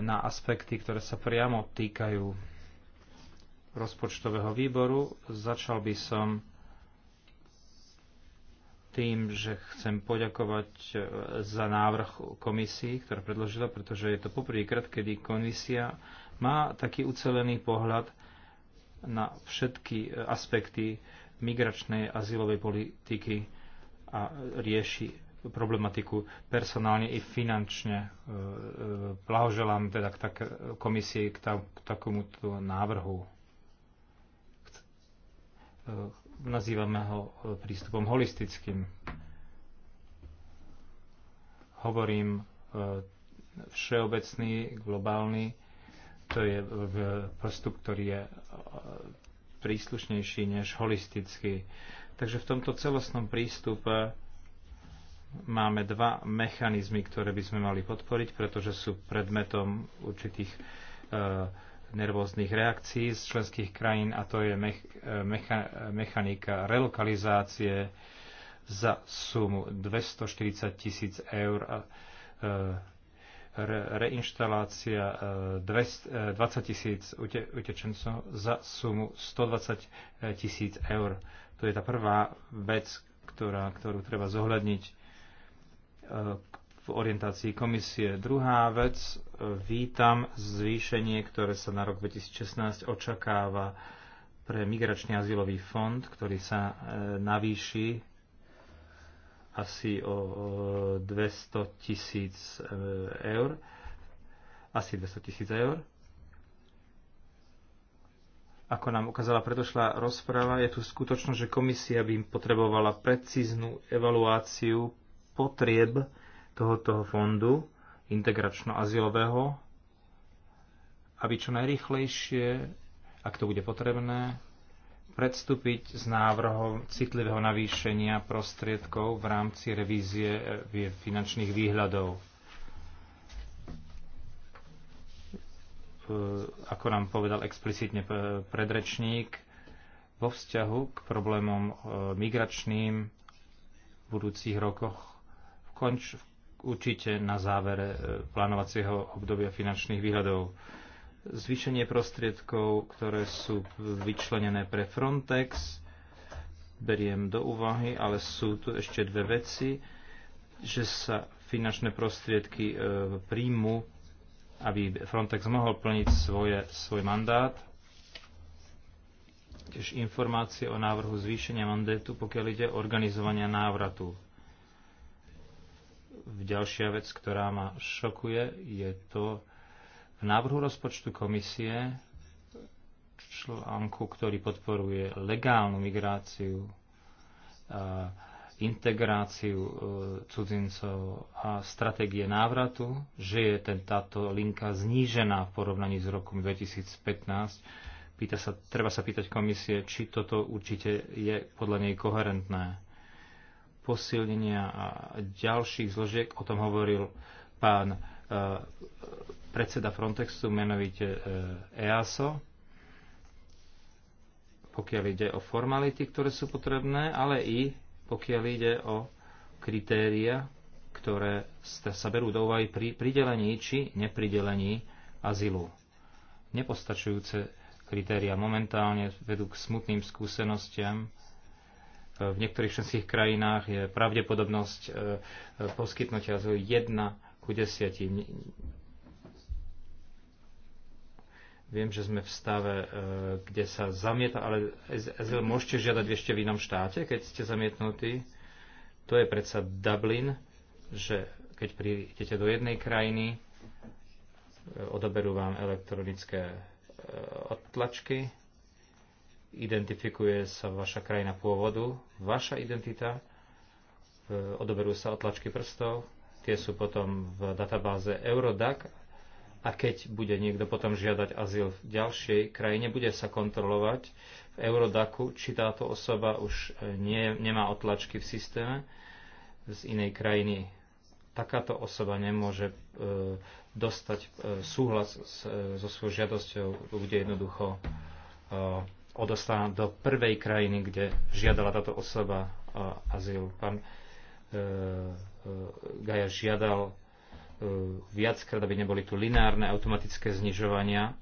na aspekty, ktoré sa priamo týkajú rozpočtového výboru. Začal by som tým, že chcem poďakovať e, za návrh komisii, ktorá predložila, pretože je to poprvýkrát, kedy komisia má taký ucelený pohľad na všetky e, aspekty migračnej azylovej politiky a rieši problematiku personálne i finančne. E, e, blahoželám teda k tak, komisii k, tam, k takomuto návrhu. E, nazývame ho prístupom holistickým. Hovorím všeobecný, globálny. To je postup, ktorý je príslušnejší než holistický. Takže v tomto celostnom prístupe máme dva mechanizmy, ktoré by sme mali podporiť, pretože sú predmetom určitých eh, nervóznych reakcií z členských krajín a to je eh, mecha, mechanika relokalizácie za sumu 240 tisíc eur a eh, re, reinštalácia 20 tisíc utečencov za sumu 120 tisíc eur. To je tá prvá vec, ktorá, ktorú treba zohľadniť v orientácii komisie. Druhá vec, e, vítam zvýšenie, ktoré sa na rok 2016 očakáva pre migračný azylový fond, ktorý sa e, navýši asi o 200 tisíc e, eur. Asi 200 tisíc eur. Ako nám ukázala predošlá rozpráva, je tu skutočnosť, že komisia by im potrebovala precíznu evaluáciu potrieb tohoto fondu integračno-azylového, aby čo najrychlejšie, ak to bude potrebné, predstúpiť s návrhom citlivého navýšenia prostriedkov v rámci revízie eh, finančných výhľadov. Eh, ako nám povedal explicitne eh, predrečník, vo vzťahu k problémom migračným v budúcich rokoch konč, určite na závere e, plánovacieho obdobia finančných výhľadov. Zvýšenie prostriedkov, ktoré sú vyčlenené pre Frontex, beriem do úvahy, ale sú tu ešte dve veci, že sa finančné prostriedky e, príjmu, aby Frontex mohol plniť svoje, svoj mandát. Tiež informácie o návrhu zvýšenia mandátu, pokiaľ ide o organizovania návratu Ďalšia vec, ktorá ma šokuje, je to v návrhu rozpočtu komisie článku, ktorý podporuje legálnu migráciu, integráciu e, cudzincov a stratégie návratu, že je ten, táto linka znížená v porovnaní s rokom 2015. Pýta sa, treba sa pýtať komisie, či toto určite je podľa nej koherentné posilnenia a ďalších zložiek. O tom hovoril pán e, predseda Frontexu, menovite e, EASO, pokiaľ ide o formality, ktoré sú potrebné, ale i pokiaľ ide o kritéria, ktoré sa berú do úvahy pri pridelení či nepridelení azylu. Nepostačujúce kritéria momentálne vedú k smutným skúsenostiam, v niektorých členských krajinách je pravdepodobnosť e, e, poskytnutia azylu 1 ku 10. Viem, že sme v stave, e, kde sa zamieta, ale azyl môžete žiadať ešte v inom štáte, keď ste zamietnutí. To je predsa Dublin, že keď prídete do jednej krajiny, odoberú vám elektronické odtlačky identifikuje sa vaša krajina pôvodu, vaša identita, odoberú sa otlačky prstov, tie sú potom v databáze Eurodac a keď bude niekto potom žiadať azyl v ďalšej krajine, bude sa kontrolovať v Eurodacu, či táto osoba už e, nie, nemá otlačky v systéme z inej krajiny. Takáto osoba nemôže e, dostať e, súhlas s, e, so svojou žiadosťou, bude jednoducho e, odoslaná do prvej krajiny, kde žiadala táto osoba azyl. Pán e, e, Gaja žiadal e, viackrát, aby neboli tu lineárne automatické znižovania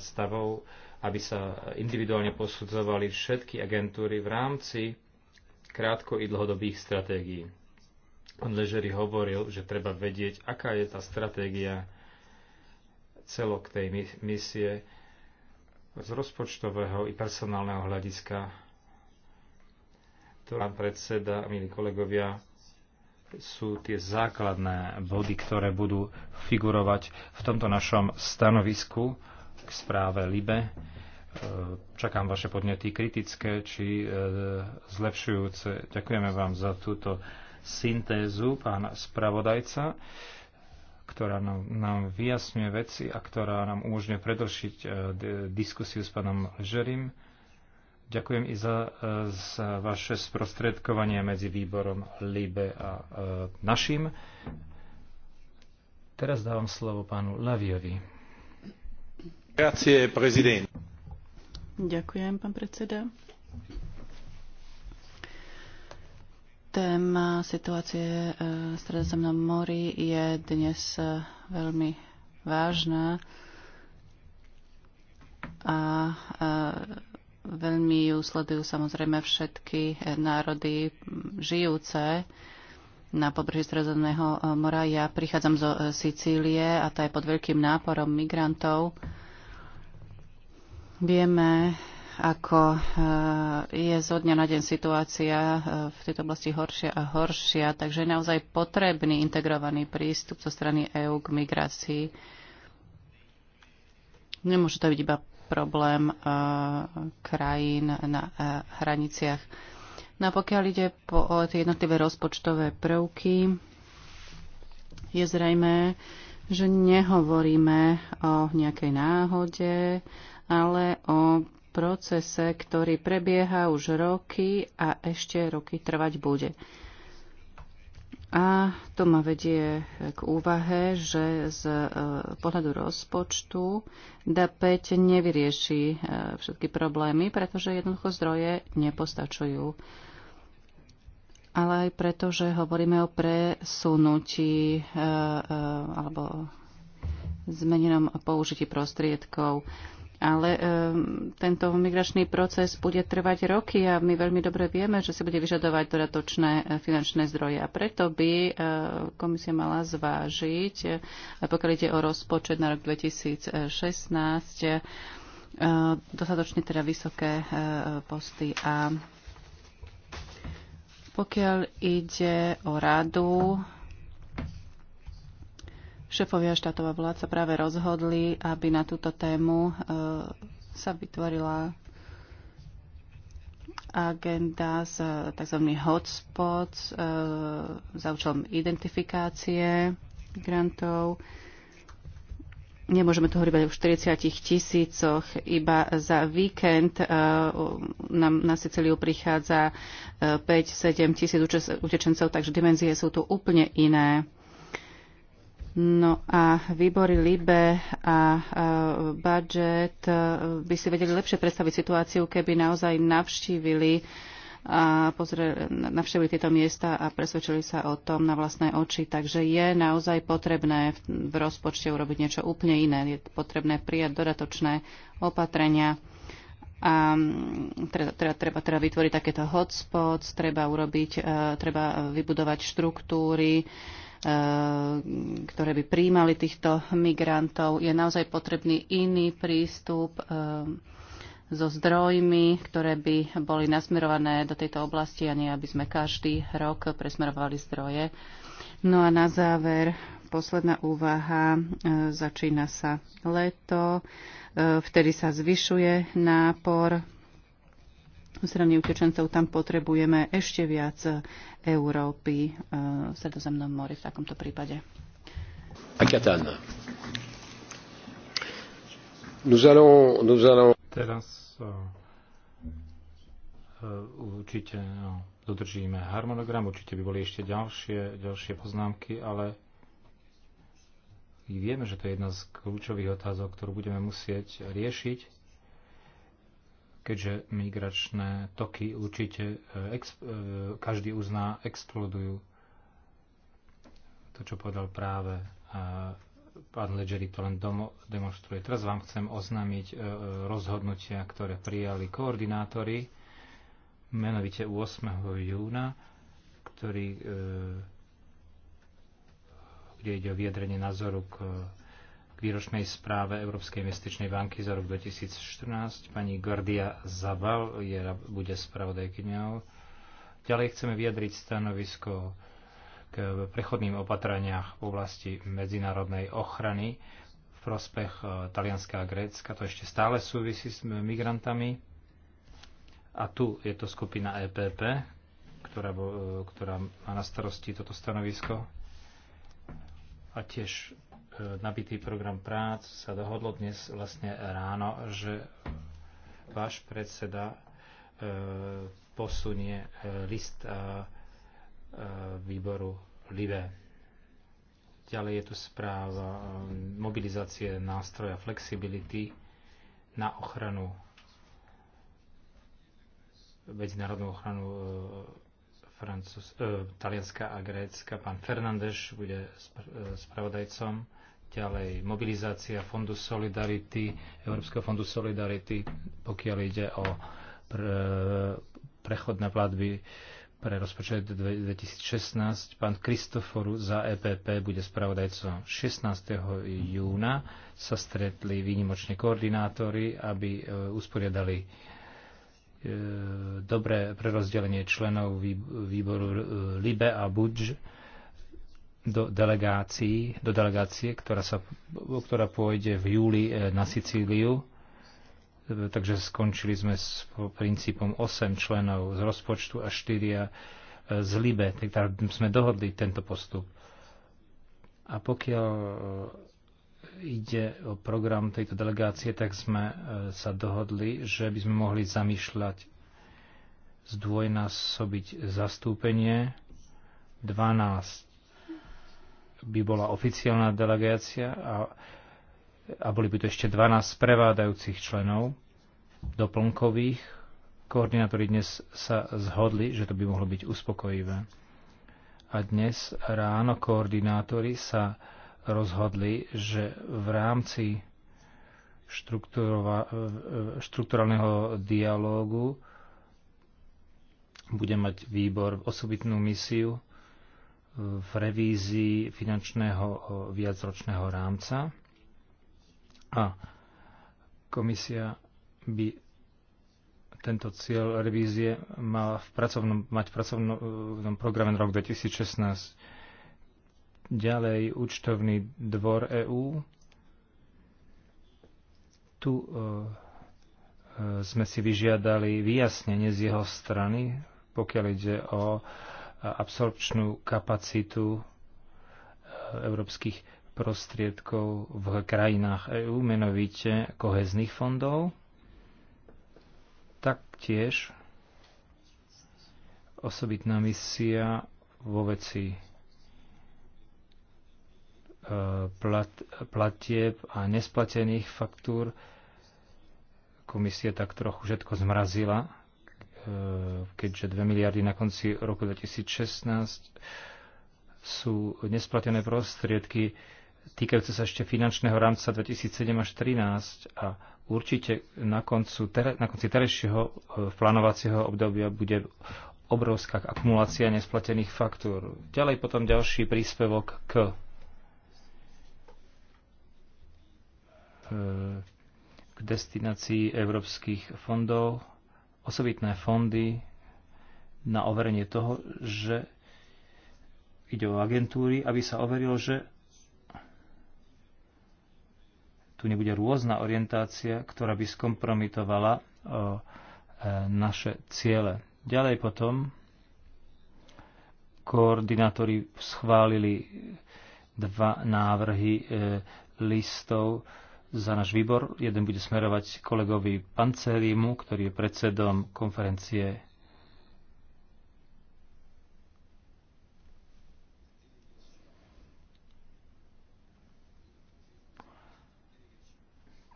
stavov, aby sa individuálne posudzovali všetky agentúry v rámci krátko i dlhodobých stratégií. Pán Ležery hovoril, že treba vedieť, aká je tá stratégia celok tej misie, z rozpočtového i personálneho hľadiska. To pán predseda, milí kolegovia, sú tie základné body, ktoré budú figurovať v tomto našom stanovisku k správe LIBE. E, čakám vaše podnety kritické či e, zlepšujúce. Ďakujeme vám za túto syntézu, pán spravodajca ktorá nám, nám vyjasňuje veci a ktorá nám umožňuje predlšiť e, diskusiu s pánom Žerim. Ďakujem i za, e, za vaše sprostredkovanie medzi výborom LIBE a e, našim. Teraz dávam slovo pánu Laviovi. Grazie, prezident. Ďakujem, pán predseda. Téma situácie e, v Stredozemnom mori je dnes e, veľmi vážna a e, veľmi ju sledujú samozrejme všetky národy žijúce na pobreží Stredozemného mora. Ja prichádzam zo Sicílie a tá je pod veľkým náporom migrantov. Vieme, ako eh, je zo dňa na deň situácia eh, v tejto oblasti horšia a horšia, takže je naozaj potrebný integrovaný prístup zo strany EÚ k migrácii. Nemôže to byť iba problém eh, krajín na hraniciach. No a pokiaľ ide po, o tie jednotlivé rozpočtové prvky, je zrejme, že nehovoríme o nejakej náhode, ale o procese, ktorý prebieha už roky a ešte roky trvať bude. A to ma vedie k úvahe, že z e, pohľadu rozpočtu D5 nevyrieši e, všetky problémy, pretože jednoducho zdroje nepostačujú. Ale aj preto, že hovoríme o presunutí e, alebo zmenenom použití prostriedkov. Ale um, tento migračný proces bude trvať roky a my veľmi dobre vieme, že si bude vyžadovať dodatočné e, finančné zdroje. A preto by uh, komisia mala zvážiť, e, pokiaľ ide o rozpočet na rok 2016, uh, dostatočne teda vysoké uh, posty. A pokiaľ ide o radu, Šefovia štátov a vlád sa práve rozhodli, aby na túto tému e, sa vytvorila agenda s e, tzv. hotspots e, za účelom identifikácie migrantov. Nemôžeme tu hovoriť o 40 tisícoch. Iba za víkend nám na Sicíliu prichádza 5-7 tisíc utečencov, takže dimenzie sú tu úplne iné. No a výbory LIBE a budget e, by si vedeli lepšie predstaviť situáciu, keby naozaj navštívili a pozreli, navštívili tieto miesta a presvedčili sa o tom na vlastné oči. Takže je naozaj potrebné v, v rozpočte urobiť niečo úplne iné. Je potrebné prijať dodatočné opatrenia a treba, mm, treba, treba, treba vytvoriť takéto hotspots, treba urobiť, e, treba vybudovať štruktúry, Eh, ktoré by príjmali týchto migrantov. Je naozaj potrebný iný prístup eh, so zdrojmi, ktoré by boli nasmerované do tejto oblasti a nie, aby sme každý rok presmerovali zdroje. No a na záver posledná úvaha, eh, začína sa leto, vtedy sa zvyšuje nápor strany utečencov, tam potrebujeme ešte viac Európy e, v Sredozemnom mori v takomto prípade. Nous allons, nous allons... Teraz e, e, určite no, dodržíme harmonogram, určite by boli ešte ďalšie, ďalšie poznámky, ale vieme, že to je jedna z kľúčových otázok, ktorú budeme musieť riešiť keďže migračné toky určite e, exp- e, každý uzná, explodujú. To, čo povedal práve e, pán Ledgeri, to len domo- demonstruje. Teraz vám chcem oznámiť rozhodnutia, ktoré prijali koordinátori, menovite 8. júna, ktorý, kde ide o vyjadrenie názoru k k výročnej správe Európskej investičnej banky za rok 2014. Pani Gordia Zabal je, bude spravodajkyňou. Ďalej chceme vyjadriť stanovisko k prechodným opatreniach v oblasti medzinárodnej ochrany v prospech e, Talianska a Grécka. To ešte stále súvisí s migrantami. A tu je to skupina EPP, ktorá, e, ktorá má na starosti toto stanovisko. A tiež E, nabitý program prác sa dohodlo dnes vlastne ráno, že váš predseda e, posunie e, list výboru LIVE. Ďalej je tu správa mobilizácie nástroja flexibility na ochranu medzinárodnú ochranu Francúz, e, Talianska a Grécka. Pán Fernández bude spravodajcom. Ďalej, mobilizácia Fondu Solidarity, Európskeho fondu Solidarity, pokiaľ ide o prechodné platby pre rozpočet 2016. Pán Kristoforu za EPP bude spravodajcom 16. júna. Sa stretli výnimočne koordinátori, aby e, usporiadali e, dobré prerozdelenie členov výboru e, LIBE a BUDŽ do, delegácií, do delegácie, ktorá, sa, ktorá pôjde v júli e, na Sicíliu. E, takže skončili sme s princípom 8 členov z rozpočtu a 4 e, z Libe. Tak sme dohodli tento postup. A pokiaľ ide o program tejto delegácie, tak sme sa dohodli, že by sme mohli zamýšľať zdvojnásobiť zastúpenie 12 by bola oficiálna delegácia a, a boli by to ešte 12 prevádajúcich členov doplnkových. Koordinátori dnes sa zhodli, že to by mohlo byť uspokojivé. A dnes ráno koordinátori sa rozhodli, že v rámci štrukturálneho dialógu bude mať výbor osobitnú misiu v revízii finančného viacročného rámca a komisia by tento cieľ revízie mala v pracovnom, mať v pracovnom programe rok 2016. Ďalej účtovný dvor EÚ. Tu e, sme si vyžiadali vyjasnenie z jeho strany, pokiaľ ide o e, absorpčnú kapacitu e, európskych prostriedkov v krajinách EÚ, menovite kohezných fondov. Taktiež osobitná misia vo veci e, plat, platieb a nesplatených faktúr. Komisia tak trochu všetko zmrazila E, keďže 2 miliardy na konci roku 2016 sú nesplatené prostriedky týkajúce sa ešte finančného rámca 2007 až 2013 a určite na, koncu, na konci terejšieho e, plánovacieho obdobia bude obrovská akumulácia nesplatených faktúr. Ďalej potom ďalší príspevok k e, k destinácii európskych fondov osobitné fondy na overenie toho, že ide o agentúry, aby sa overilo, že tu nebude rôzna orientácia, ktorá by skompromitovala e, naše ciele. Ďalej potom koordinátori schválili dva návrhy e, listov za náš výbor. Jeden bude smerovať kolegovi Pancerimu, ktorý je predsedom konferencie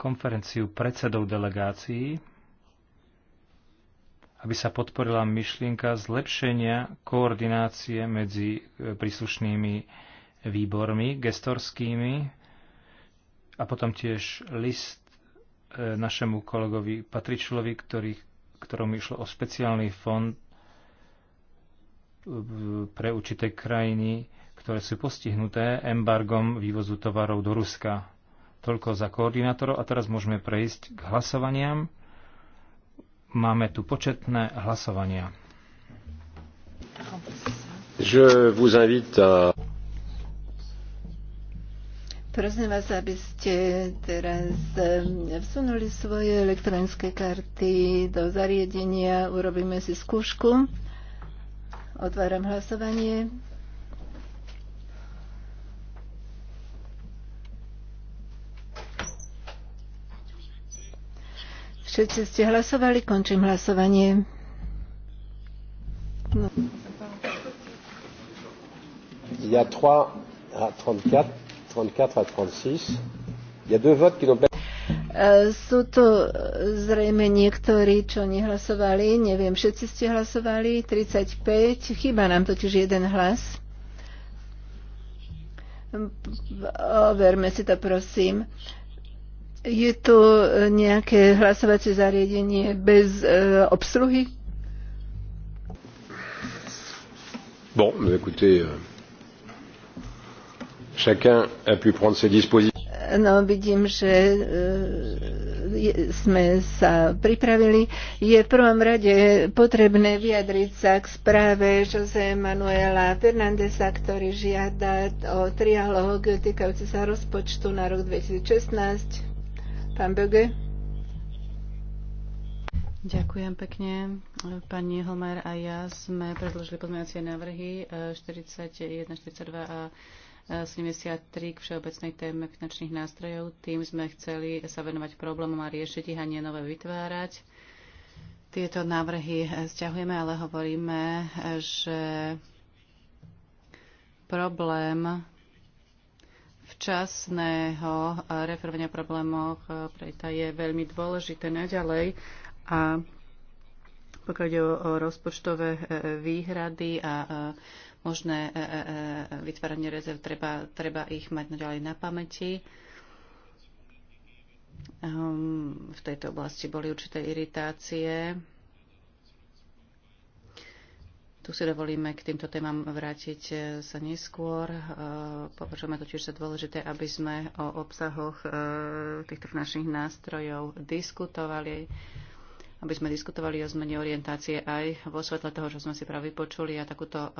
konferenciu predsedov delegácií, aby sa podporila myšlienka zlepšenia koordinácie medzi príslušnými výbormi gestorskými a potom tiež list e, našemu kolegovi Patričulovi, ktorý, ktorom išlo o speciálny fond e, pre určité krajiny, ktoré sú postihnuté embargom vývozu tovarov do Ruska. Toľko za koordinátorov a teraz môžeme prejsť k hlasovaniam. Máme tu početné hlasovania. Je vous invite à... Prosím vás, aby ste teraz vsunuli svoje elektronické karty do zariadenia. Urobíme si skúšku. Otváram hlasovanie. Všetci ste hlasovali, končím hlasovanie. No. Il y a 3 à 34 34 à 36. Il deux votes qui n'ont pas... E, sú to zrejme niektorí, čo nehlasovali. Neviem, všetci ste hlasovali. 35. Chýba nám totiž jeden hlas. Overme si to, prosím. Je tu nejaké hlasovacie zariadenie bez e, obsluhy? Bon, écoutez, euh... Chacun a pu prendre ses dispositions. No, vidím, že e, sme sa pripravili. Je v prvom rade potrebné vyjadriť sa k správe Jose Manuela Fernandesa, ktorý žiada o trialog týkajúci sa rozpočtu na rok 2016. Pán Böge. Ďakujem pekne. Pani Homer a ja sme predložili pozmeňovacie návrhy 41, e, 42 a 73 k všeobecnej téme finančných nástrojov. Tým sme chceli sa venovať problémom a riešiť ich a nie nové vytvárať. Tieto návrhy zťahujeme, ale hovoríme, že problém včasného referovania problémov prejta je veľmi dôležité naďalej a pokiaľ ide o rozpočtové výhrady a možné e, e, e, vytváranie rezerv, treba, treba ich mať naďalej na pamäti. Ehm, v tejto oblasti boli určité iritácie. Tu si dovolíme k týmto témam vrátiť sa neskôr. Považujeme totiž za dôležité, aby sme o obsahoch týchto našich nástrojov diskutovali aby sme diskutovali o zmene orientácie aj vo svetle toho, čo sme si práve vypočuli a takúto e,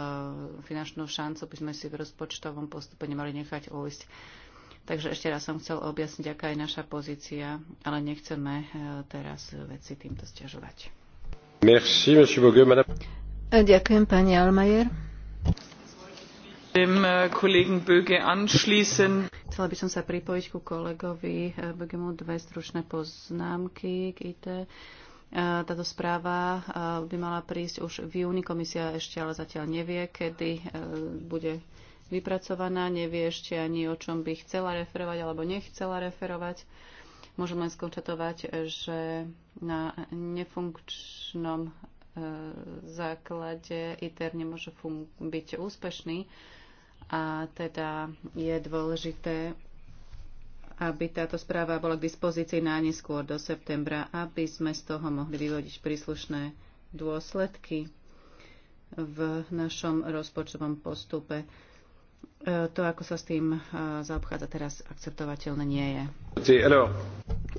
finančnú šancu by sme si v rozpočtovom postupe nemali nechať ujsť. Takže ešte raz som chcel objasniť, aká je naša pozícia, ale nechceme e, teraz veci týmto stiažovať. Merci, monsieur Bogue, madame. E, ďakujem, pani Almajer. Dem kolegen Böge anschließen. Chcela by som sa pripojiť ku kolegovi Bögemu dve stručné poznámky k IT táto správa by mala prísť už v júni. Komisia ešte ale zatiaľ nevie, kedy e, bude vypracovaná. Nevie ešte ani, o čom by chcela referovať alebo nechcela referovať. Môžem len skonštatovať, že na nefunkčnom e, základe ITER nemôže byť úspešný a teda je dôležité aby táto správa bola k dispozícii najneskôr do septembra, aby sme z toho mohli vyvodiť príslušné dôsledky v našom rozpočtovom postupe. E, to, ako sa s tým e, zaobchádza teraz, akceptovateľné nie je.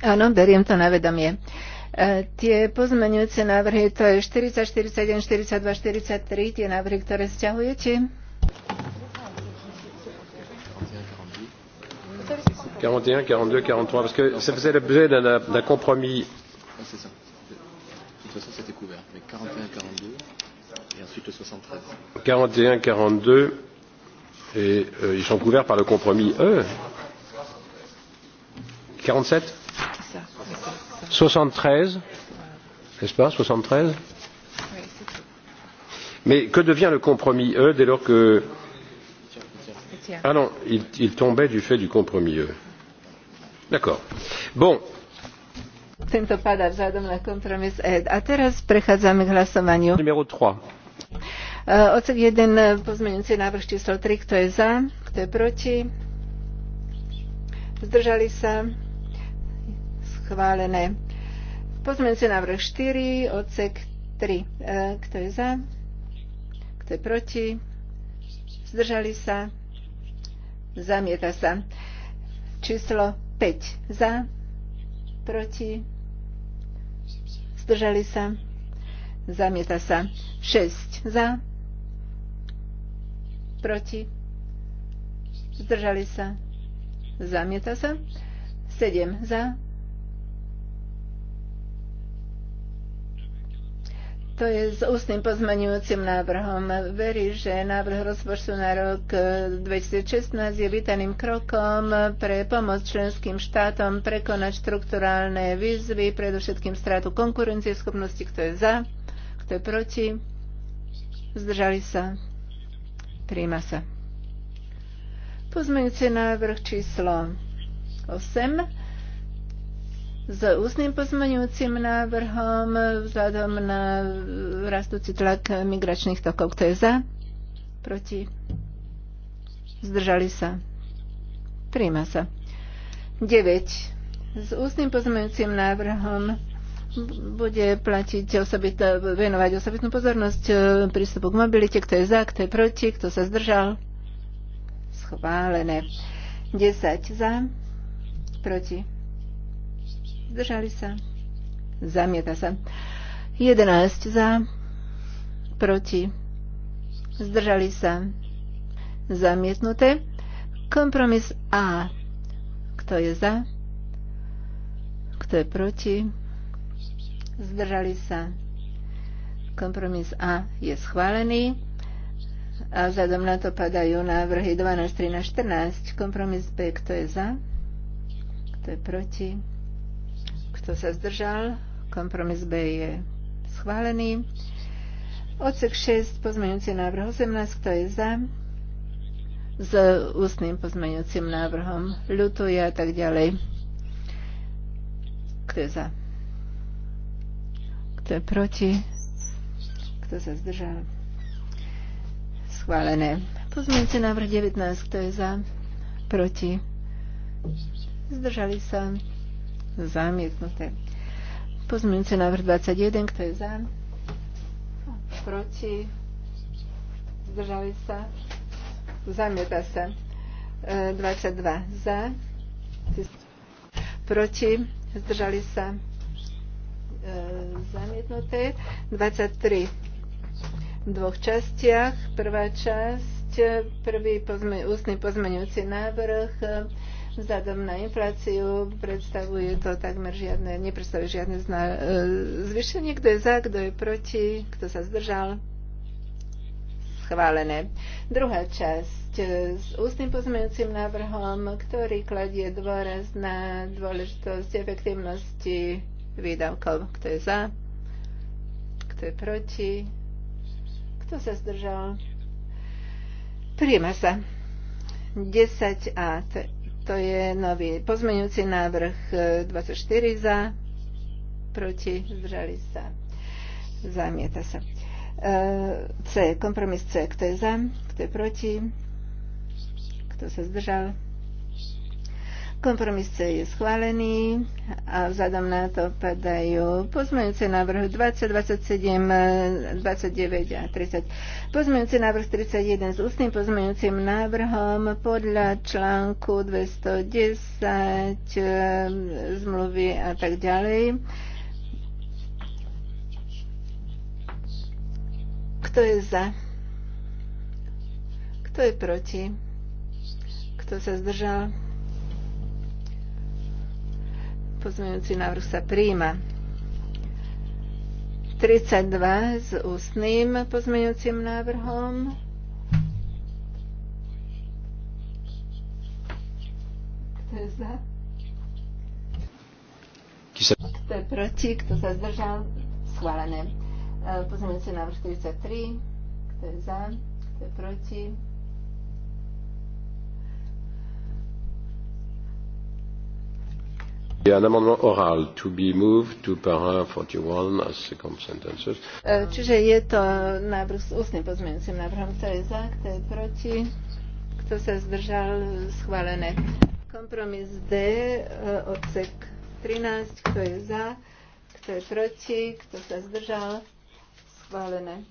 Áno, beriem to na vedomie. E, tie pozmeňujúce návrhy, to je 40, 41, 42, 43, tie návrhy, ktoré sťahujete? 41, 42, 43, parce que ça faisait l'objet d'un compromis. Ah, c'est ça. De toute façon, c'était couvert. Mais 41, 42, et ensuite le 73. 41, 42, et euh, ils sont couverts par le compromis E. 47 73, n'est-ce pas 73 Mais que devient le compromis E dès lors que. Ah non, il, il tombait du fait du compromis E. Bon. Chcem to padá vzhľadom na kompromis ED. A teraz prechádzame k hlasovaniu. Numero 3. E, odsek 1, e, pozmeňujúci návrh číslo 3, kto je za, kto je proti. Zdržali sa. Schválené. Pozmeňujúci návrh 4, odsek 3. E, kto je za? Kto je proti? Zdržali sa? Zamieta sa. Číslo 5 za, proti, zdržali sa, zamieta sa 6 za, proti, zdržali sa, zamieta sa 7 za, proti, To je s ústnym pozmaňujúcim návrhom. Verí, že návrh rozpočtu na rok 2016 eh, je vítaným krokom pre pomoc členským štátom prekonať štrukturálne výzvy, predovšetkým stratu konkurencieschopnosti, kto je za, kto je proti. Zdržali sa. Príjma sa. Pozmeňujúci návrh číslo 8 s ústnym pozmeňujúcim návrhom vzhľadom na rastúci tlak migračných tokov. Kto je za? Proti? Zdržali sa? Príjma sa. 9. S ústnym pozmeňujúcim návrhom bude platiť osobitá, venovať osobitnú pozornosť e, prístupu k mobilite, kto je za, kto je proti, kto sa zdržal. Schválené. 10 za, proti Zdržali sa? Zamieta sa. 11 za, proti, zdržali sa, zamietnuté. Kompromis A. Kto je za? Kto je proti? Zdržali sa. Kompromis A je schválený. A vzhľadom na to padajú návrhy 12, 13, 14. Kompromis B. Kto je za? Kto je proti? Kto sa zdržal? Kompromis B je schválený. Odsek 6, pozmeňujúci návrh 18, kto je za? S ústnym pozmeňujúcim návrhom ľutuje a tak ďalej. Kto je za? Kto je proti? Kto sa zdržal? Schválené. Pozmeňujúci návrh 19, kto je za? Proti? Zdržali sa? Zamietnuté. Pozmeňujúci návrh 21, kto je za? Proti? Zdržali sa? Zamieta sa. 22 e, za. Proti? Zdržali sa? E, zamietnuté. 23 v dvoch častiach. Prvá časť, prvý pozme, ústny pozmeňujúci návrh vzhľadom na infláciu predstavuje to takmer žiadne, nepredstavuje žiadne zna, e, zvýšenie. Kto je za, kto je proti, kto sa zdržal? Schválené. Druhá časť e, s ústnym pozmeňujúcim návrhom, ktorý kladie dôraz na dôležitosť efektívnosti výdavkov. Kto je za? Kto je proti? Kto sa zdržal? Príjma sa. 10a. to. To je nový pozmeňujúci návrh 24 e, za, proti, zdržali sa, zamieta sa. E, C, kompromis C, kto je za, kto je proti, kto sa zdržal, Kompromis C je schválený a vzhľadom na to padajú pozmeňujúce návrh 20, 27, 29 a 30. Pozmeňujúci návrh 31 s ústnym pozmeňujúcim návrhom podľa článku 210 e, zmluvy a tak ďalej. Kto je za? Kto je proti? Kto sa zdržal? Pozmeňujúci návrh sa prijíma. 32 s ústnym pozmeňujúcim návrhom. Kto je za? Kto je proti? Kto sa zdržal? Schválené. E, pozmeňujúci návrh 43. Kto je za? Kto je proti? Čiže je to návrh s ústnym pozmeňujúcim návrhom, kto je za, kto je proti, kto sa zdržal, schválené. Kompromis D, e, odsek 13, kto je za, kto je proti, kto sa zdržal, schválené.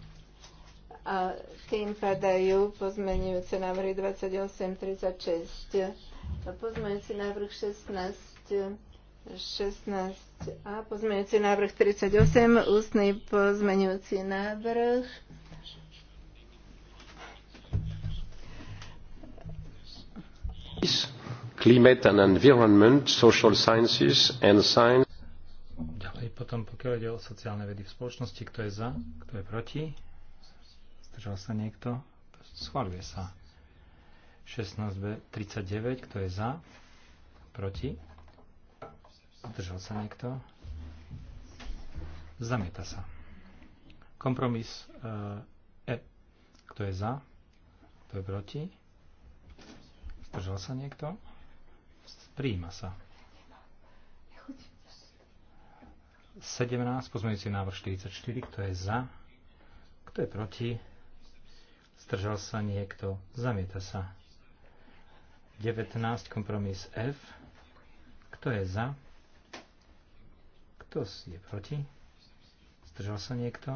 A tým padajú pozmeňujúce návrhy 28, 36, Pozmeňujúci návrh 16, 16a, pozmeňujúci návrh 38, ústny pozmeňujúci návrh. Climate and Environment, Social Sciences and Science. Ďalej potom, pokiaľ ide o sociálne vedy v spoločnosti, kto je za, kto je proti, zdržal sa niekto, schváľuje sa. 16b, 39, kto je za, proti, Zdržal sa niekto? Zamieta sa. Kompromis e, e. Kto je za? Kto je proti? Zdržal sa niekto? Prijíma sa. 17, pozmeňujúci návrh 44, kto je za, kto je proti, zdržal sa niekto, zamieta sa. 19, kompromis F, kto je za, kto je proti? Zdržal sa niekto?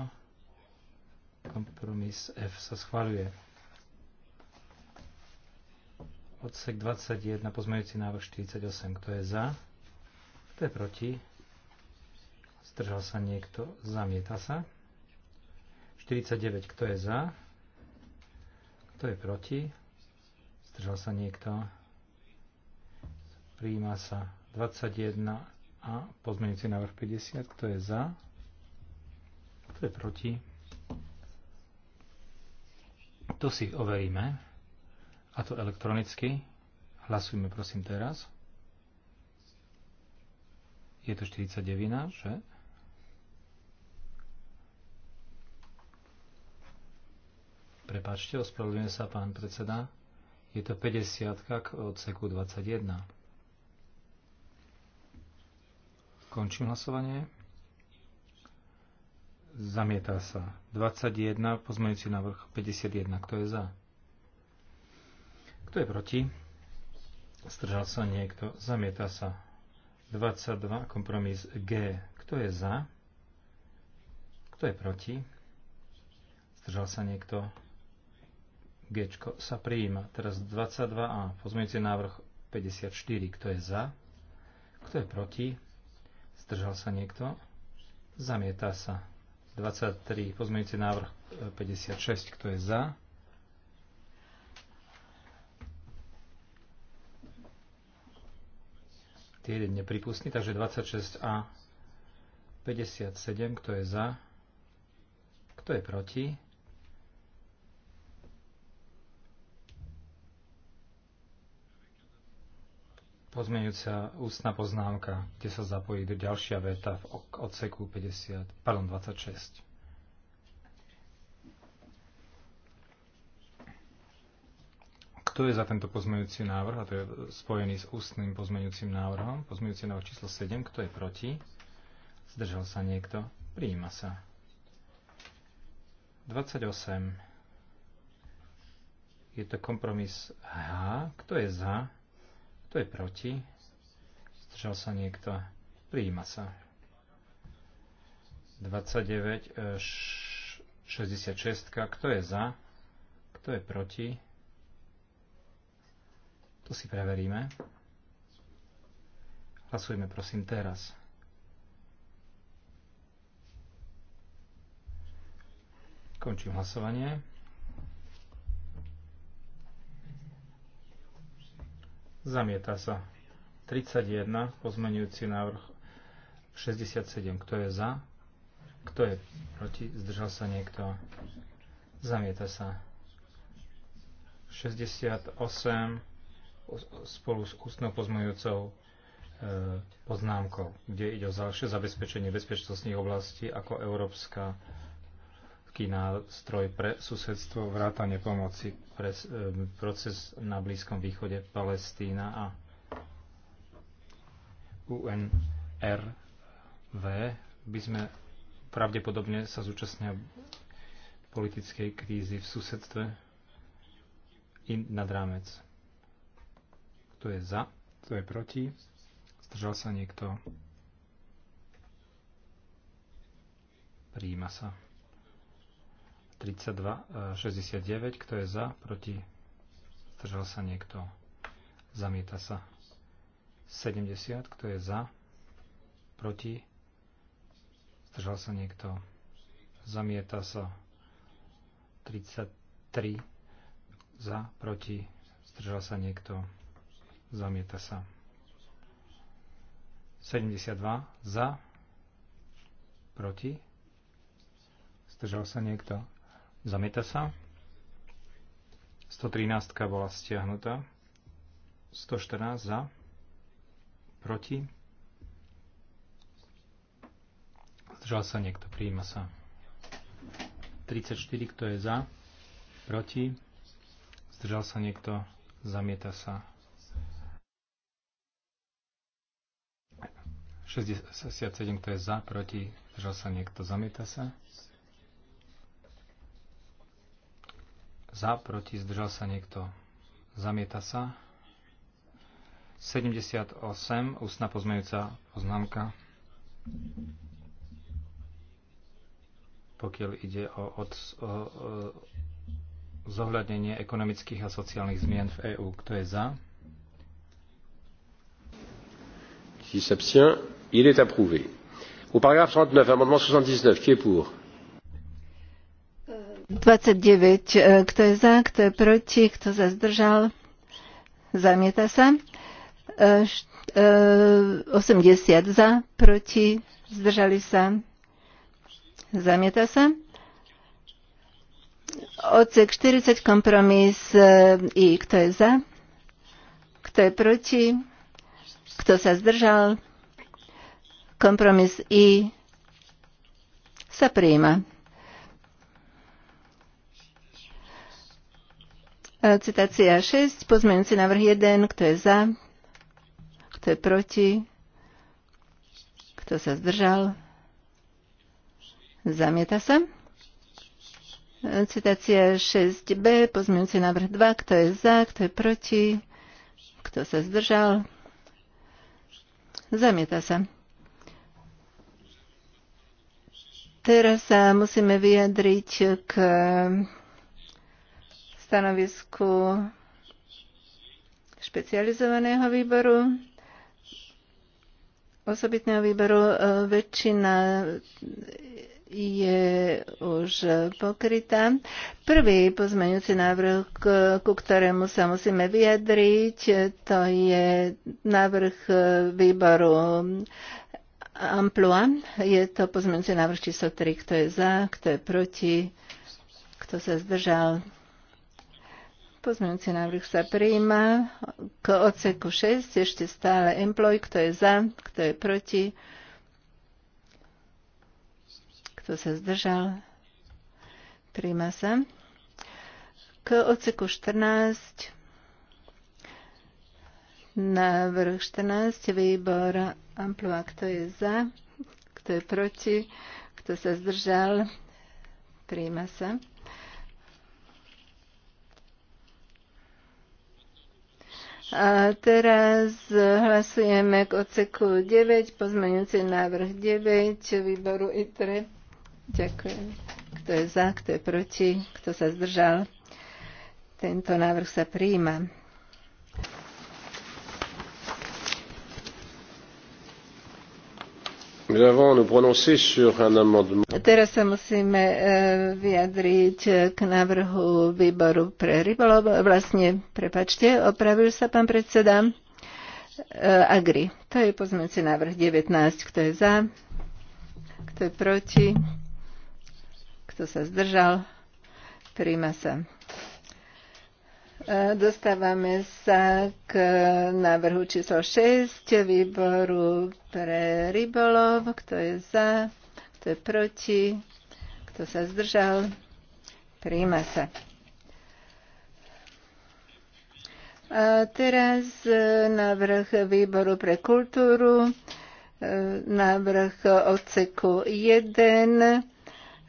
Kompromis F sa schváľuje. Odsek 21, pozmejúci návrh 48. Kto je za? Kto je proti? Zdržal sa niekto? Zamieta sa. 49. Kto je za? Kto je proti? Zdržal sa niekto? Príjma sa 21 a pozmeňujúci návrh 50, kto je za? Kto je proti? To si overíme. A to elektronicky. Hlasujme prosím teraz. Je to 49, že? Prepačte, ospravedlňujem sa pán predseda. Je to 50 k odseku 21. Končím hlasovanie. Zamieta sa. 21, pozmeňujúci návrh 51. Kto je za? Kto je proti? Stržal sa niekto. Zamieta sa. 22, kompromis G. Kto je za? Kto je proti? Zdržal sa niekto? G sa prijíma. Teraz 22A, pozmeňujúci návrh 54. Kto je za? Kto je proti? Zdržal sa niekto? Zamieta sa. 23. Pozmeňujúci návrh 56. E, Kto je za? Tie je nepripustný, takže 26a 57. Kto je za? Kto je proti? Pozmeňujúca ústna poznámka, kde sa zapojí do ďalšia veta v odseku 50, pardon, 26. Kto je za tento pozmeňujúci návrh? A to je spojený s ústnym pozmeňujúcim návrhom. Pozmeňujúci návrh číslo 7. Kto je proti? Zdržal sa niekto? Prijíma sa. 28. Je to kompromis H. Kto je za? Kto je proti? Zdržal sa niekto? Prijíma sa. 29, 66. Eh, Kto je za? Kto je proti? To si preveríme. Hlasujme prosím teraz. Končím hlasovanie. Zamieta sa. 31, pozmenujúci návrh 67. Kto je za? Kto je proti? Zdržal sa niekto? Zamieta sa. 68 spolu s ústnou pozmenujúcou e, poznámkou, kde ide o ďalšie zabezpečenie bezpečnostných oblastí ako Európska všetky nástroj pre susedstvo, vrátanie pomoci, pre, e, proces na Blízkom východe, Palestína a UNRV by sme pravdepodobne sa zúčastnia politickej krízy v susedstve in nad rámec. Kto je za, kto je proti? Zdržal sa niekto? Prijíma sa. 32, 69, eh, kto je za, proti, zdržal sa niekto, zamieta sa. 70, kto je za, proti, zdržal sa niekto, zamieta sa. 33, za, proti, zdržal sa niekto, zamieta sa. 72, za, proti, Zdržal sa niekto? Zamieta sa. 113 bola stiahnutá. 114 za. Proti. Zdržal sa niekto. Prijíma sa. 34, kto je za. Proti. Zdržal sa niekto. Zamieta sa. 67, kto je za. Proti. Zdržal sa niekto. Zamieta sa. Za, proti, zdržal sa niekto. Zamieta sa. 78, ústna pozmejúca poznámka. Pokiaľ ide o, od, o, o zohľadnenie ekonomických a sociálnych zmien v EÚ. Kto je za? Qui s'abstient, il est approuvé. Au paragraphe 39, amendement 79, qui est pour 29. E, kto je za, kto je proti, kto sa zdržal? Zamieta sa. 80 e, e, za, proti, zdržali sa. Zamieta sa. Odsek 40, kompromis I. Kto je za? Kto je proti? Kto sa zdržal? Kompromis I sa prijíma. Citácia 6, pozmeňujúci návrh 1, kto je za, kto je proti, kto sa zdržal, zamieta sa. Citácia 6b, pozmeňujúci návrh 2, kto je za, kto je proti, kto sa zdržal, zamieta sa. Teraz sa musíme vyjadriť k stanovisku špecializovaného výboru, osobitného výboru. E, väčšina je už pokrytá. Prvý pozmeňujúci návrh, ku ktorému sa musíme vyjadriť, to je návrh výboru Amplua. Je to pozmeňujúci návrh číslo 3. Kto je za, kto je proti, kto sa zdržal, Pozmeňujúci návrh sa prijíma k oceku 6, ešte stále employ, kto je za, kto je proti, kto sa zdržal, prijíma sa. K oceku 14, návrh 14, výbor amplua, kto je za, kto je proti, kto sa zdržal, prijíma sa. A teraz hlasujeme k odseku 9, pozmeňujúci návrh 9 výboru ITRE. Ďakujem. Kto je za, kto je proti, kto sa zdržal. Tento návrh sa prijíma. Teraz sa musíme e, vyjadriť k návrhu výboru pre rybolov. Vlastne, prepačte, opravil sa pán predseda. E, Agri. To je pozmeňujúci návrh 19. Kto je za? Kto je proti? Kto sa zdržal? Príjma sa. Dostávame sa k návrhu číslo 6 výboru pre rybolov. Kto je za? Kto je proti? Kto sa zdržal? Príjma sa. A teraz e, návrh výboru pre kultúru, e, návrh odseku 1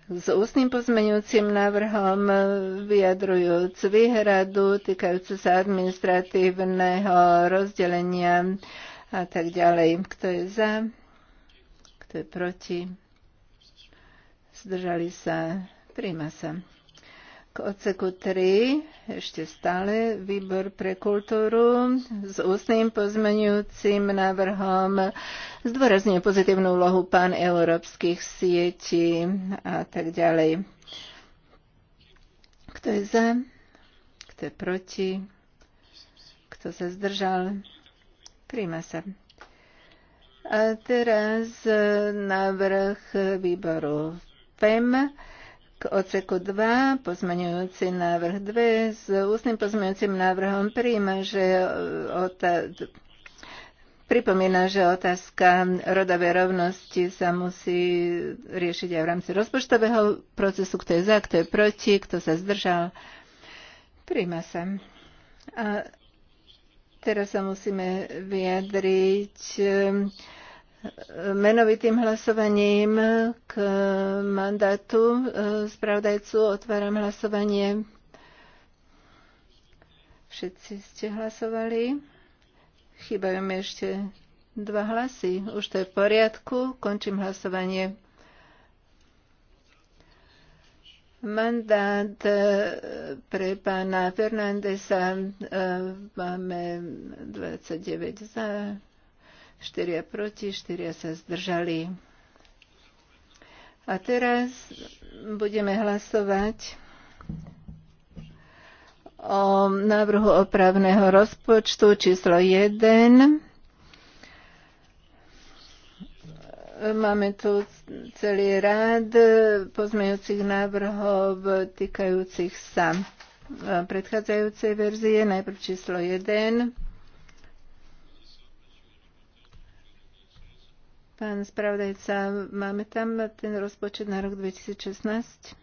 s ústnym pozmeňujúcim návrhom vyjadrujúc výhradu týkajúce sa administratívneho rozdelenia a tak ďalej. Kto je za? Kto je proti? Zdržali sa? Príjma sa. K odseku 3 ešte stále výbor pre kultúru s ústnym pozmenujúcim návrhom zdôrazňuje pozitívnu úlohu pán európskych sietí a tak ďalej. Kto je za? Kto je proti? Kto sa zdržal? Príjma sa. A teraz návrh výboru PEM. K oceku 2, pozmeňujúci návrh 2, s ústnym pozmeňujúcim návrhom príjma, že e, otá... Pripomína, že otázka rodovej rovnosti sa musí riešiť aj v rámci rozpočtového procesu, kto je za, kto je proti, kto sa zdržal. Príjma sa. A teraz sa musíme vyjadriť e, menovitým hlasovaním k mandátu eh, spravodajcu otváram hlasovanie. Všetci ste hlasovali. Chýbajú mi ešte dva hlasy. Už to je v poriadku. Končím hlasovanie. Mandát eh, pre pána Fernandesa eh, máme 29 za, 4 proti, 4 sa zdržali. A teraz budeme hlasovať o návrhu opravného rozpočtu číslo 1. Máme tu celý rád pozmejúcich návrhov týkajúcich sa predchádzajúcej verzie, najprv číslo 1 Pán spravodajca, máme tam ten rozpočet na rok 2016?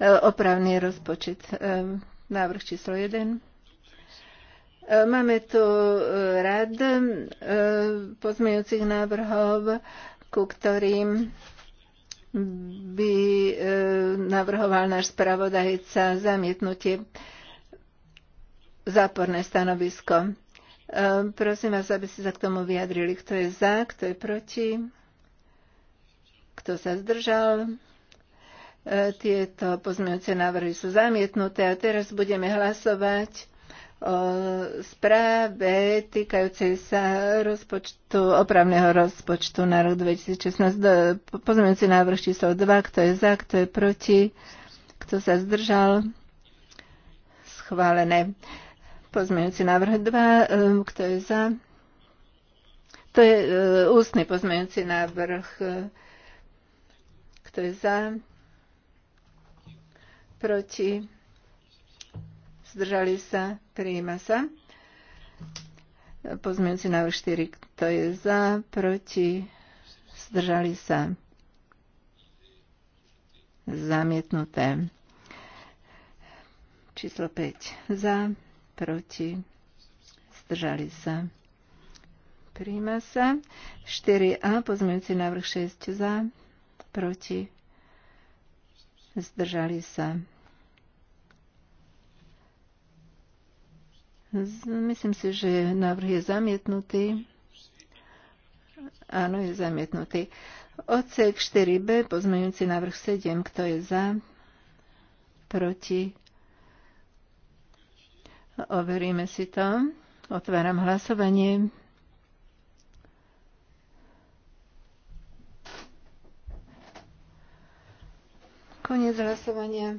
E, opravný rozpočet. E, návrh číslo 1. E, máme tu rad pozmejúcich návrhov, ku ktorým by navrhoval náš spravodajca zamietnutie záporné stanovisko. Ehm, prosím vás, aby ste sa k tomu vyjadrili, kto je za, kto je proti, kto sa zdržal. Ehm, tieto pozmeňujúce návrhy sú zamietnuté a teraz budeme hlasovať o správe týkajúcej sa rozpočtu, opravného rozpočtu na rok 2016. Pozmeňujúci návrh číslo 2, kto je za, kto je proti, kto sa zdržal. Schválené. Pozmeňujúci návrh 2. E, kto je za? To je e, ústny pozmeňujúci návrh. E, kto je za? Proti? Zdržali sa? Prijíma sa? Pozmeňujúci návrh 4. Kto je za? Proti? Zdržali sa? Zamietnuté. Číslo 5. Za? proti, zdržali sa. Príjma sa. 4a, pozmeňujúci návrh 6 za, proti, zdržali sa. Myslím si, že návrh je zamietnutý. Áno, je zamietnutý. Odsek 4b, pozmeňujúci návrh 7, kto je za, proti, Overíme si to. Otváram hlasovanie. Koniec hlasovania.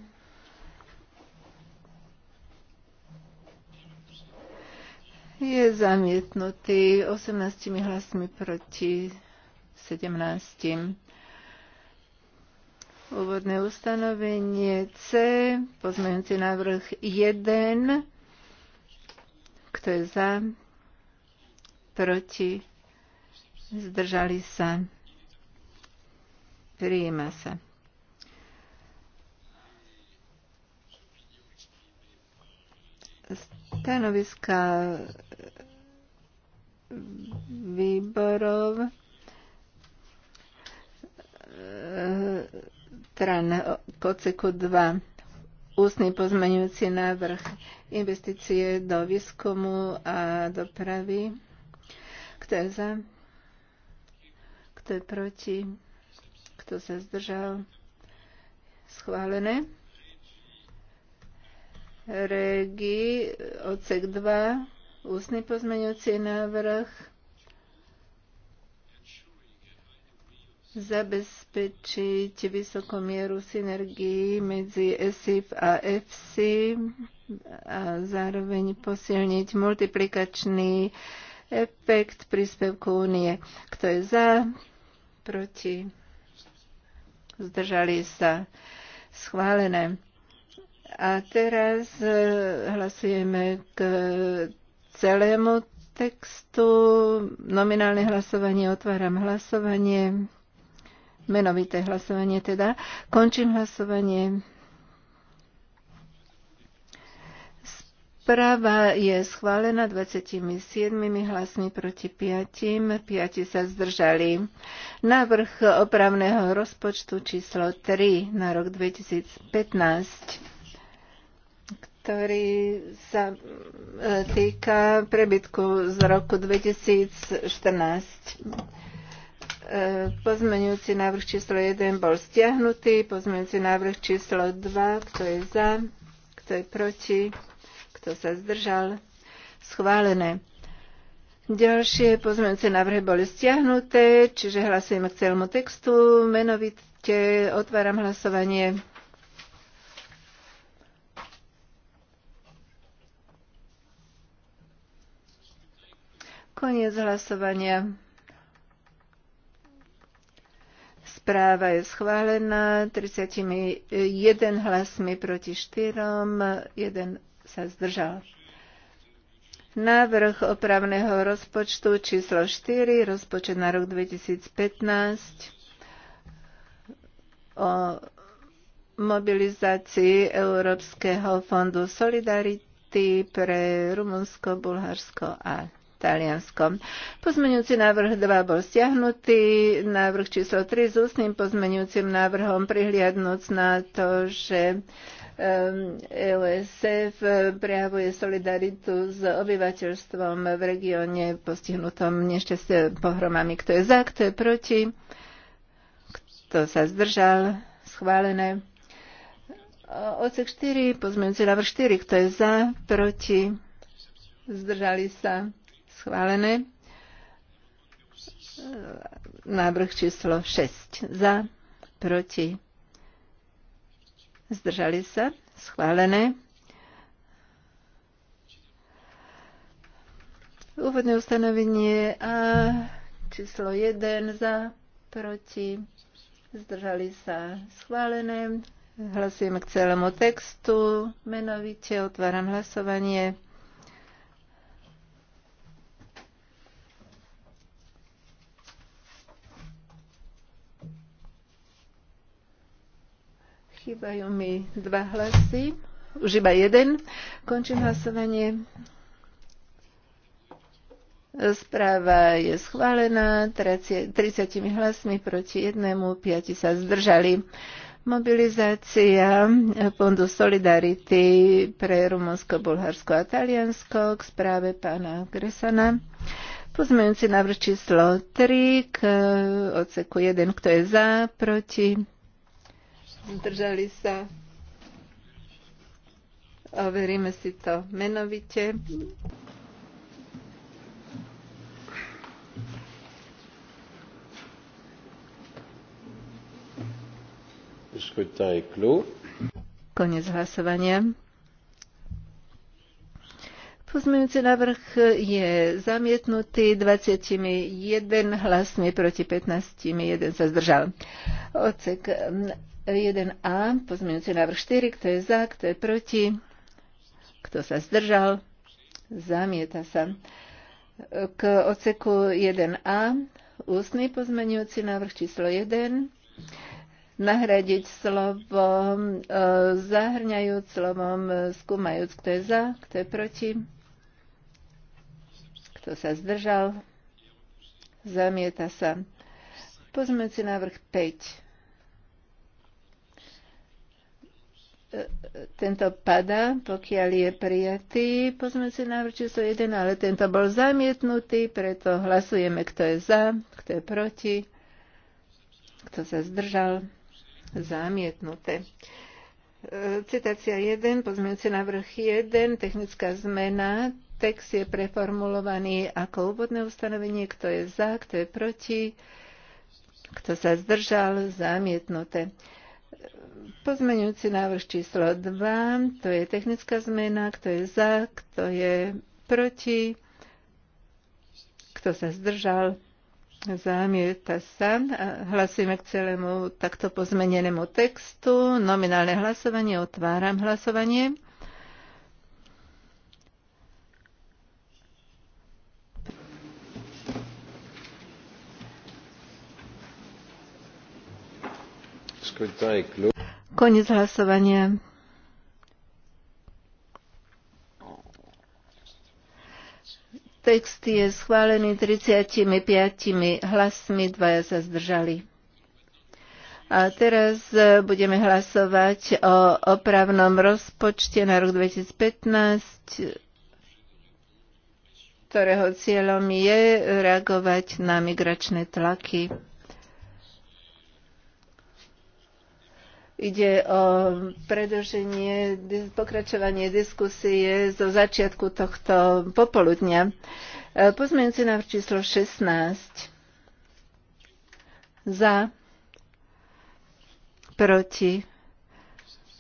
Je zamietnutý 18 hlasmi proti 17. Úvodné ustanovenie C, pozmeňujúci návrh 1, kto je za? Proti? Zdržali sa? Prijíma sa. Stanoviska výborov tran k odseku 2 ústny pozmeňujúci návrh investície do výskumu a dopravy. Kto je za? Kto je proti? Kto sa zdržal? Schválené. Regi, odsek 2, ústny pozmeňujúci návrh zabezpečiť vysokú mieru synergii medzi ESIF a EFSI a zároveň posilniť multiplikačný efekt príspevku únie. Kto je za, proti, zdržali sa schválené. A teraz e, hlasujeme k celému textu. Nominálne hlasovanie, otváram hlasovanie. Menovité hlasovanie teda. Končím hlasovanie. Správa je schválená 27 hlasmi proti 5. 5 sa zdržali. Návrh opravného rozpočtu číslo 3 na rok 2015 ktorý sa e, týka prebytku z roku 2014. Pozmeňujúci návrh číslo 1 bol stiahnutý. Pozmeňujúci návrh číslo 2. Kto je za? Kto je proti? Kto sa zdržal? Schválené. Ďalšie pozmeňujúce návrhy boli stiahnuté, čiže hlasujeme k celému textu. Menovite otváram hlasovanie. Koniec hlasovania. Správa je schválená 31 hlasmi proti 4, 1 sa zdržal. Návrh opravného rozpočtu číslo 4, rozpočet na rok 2015 o mobilizácii Európskeho fondu Solidarity pre Rumunsko, Bulharsko a Talianskom. Pozmeňujúci návrh 2 bol stiahnutý, návrh číslo 3 s ústnym pozmeňujúcim návrhom prihliadnúc na to, že EUSF ehm, e prejavuje solidaritu s obyvateľstvom v regióne postihnutom nešťastie pohromami. Kto je za, kto je proti, kto sa zdržal, schválené. Ocek 4, pozmeňujúci návrh 4, kto je za, proti, zdržali sa, Schválené. Návrh číslo 6. Za, proti. Zdržali sa. Schválené. Úvodné ustanovenie A číslo 1 za, proti. Zdržali sa. Schválené. Hlasujeme k celému textu. Menovite otváram hlasovanie. Chýbajú mi dva hlasy. Už iba jeden. Končím hlasovanie. Správa je schválená 30 hlasmi proti jednému, 5 sa zdržali. Mobilizácia Fondu Solidarity pre Rumunsko, Bulharsko a Taliansko k správe pána Gresana. Pozmeňujúci návrh číslo 3 k odseku 1, kto je za, proti, Držali sa. Overíme si to menovite. Konec hlasovania. Pozmeňujúci návrh je zamietnutý 21 hlasmi proti 15, jeden sa zdržal. Ocek 1A, pozmeňujúci návrh 4, kto je za, kto je proti, kto sa zdržal, zamieta sa. K oceku 1A, ústny pozmeňujúci návrh číslo 1, nahradiť slovom e, zahrňajúc, slovom e, skúmajúc, kto je za, kto je proti, kto sa zdržal, zamieta sa. Pozmeňujúci návrh 5 tento pada, pokiaľ je prijatý. Pozmeňujúci návrh číslo 1, ale tento bol zamietnutý, preto hlasujeme, kto je za, kto je proti, kto sa zdržal. Zamietnuté. E, citácia 1, pozmeňujúci návrh 1, technická zmena. Text je preformulovaný ako úvodné ustanovenie, kto je za, kto je proti, kto sa zdržal, zamietnuté. Pozmeňujúci návrh číslo 2, to je technická zmena, kto je za, kto je proti, kto sa zdržal, zamieta sa. Hlasujeme k celému takto pozmenenému textu. Nominálne hlasovanie, otváram hlasovanie. Scrutin est clos. Koniec hlasovania. Text je schválený 35 hlasmi, dvaja sa zdržali. A teraz e, budeme hlasovať o opravnom rozpočte na rok 2015, ktorého cieľom je reagovať na migračné tlaky. Ide o predlženie, pokračovanie diskusie zo začiatku tohto popoludnia. E, pozmeňujúci návrh číslo 16. Za, proti,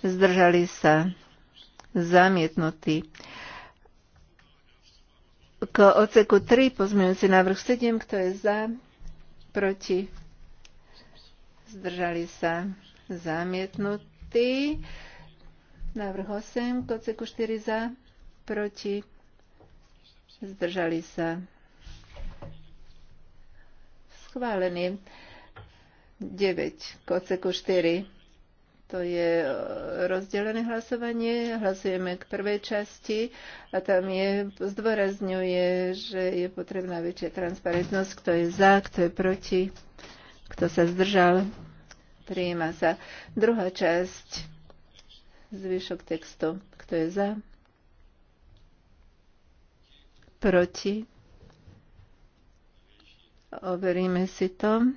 zdržali sa, Zamietnutí. K oceku 3 pozmeňujúci návrh 7, kto je za, proti, zdržali sa, zamietnutý. Návrh 8 koceku 4 za, proti, zdržali sa. Schválený 9 Koceku 4. To je e, rozdelené hlasovanie. Hlasujeme k prvej časti a tam je, zdôrazňuje, že je potrebná väčšia transparentnosť, kto je za, kto je proti, kto sa zdržal. Prijíma sa. Druhá časť. Zvyšok textu. Kto je za? Proti. Overíme si to.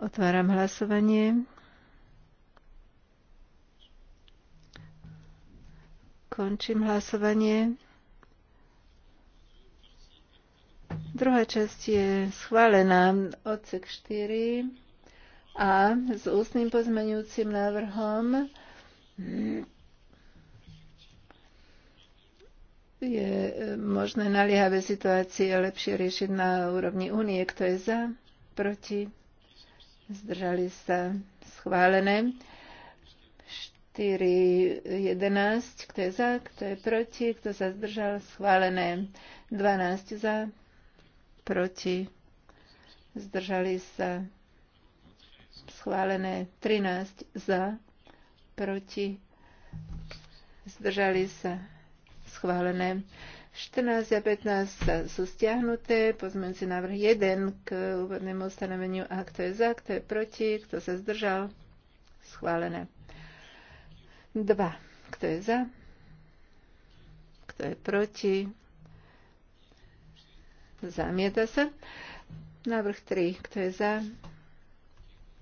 Otváram hlasovanie. Končím hlasovanie. Druhá časť je schválená. Odsek 4 a s ústnym pozmenujúcim návrhom je možné naliehavé situácie lepšie riešiť na úrovni únie. Kto je za? Proti? Zdržali sa schválené. 4.11. Kto je za? Kto je proti? Kto sa zdržal? Schválené. 12 za proti, zdržali sa schválené 13 za, proti, zdržali sa schválené 14 a 15 sú stiahnuté, si návrh 1 k úvodnému ustanoveniu a kto je za, kto je proti, kto sa zdržal, schválené. 2. Kto je za? Kto je proti? Zamieta sa. Návrh 3. Kto je za?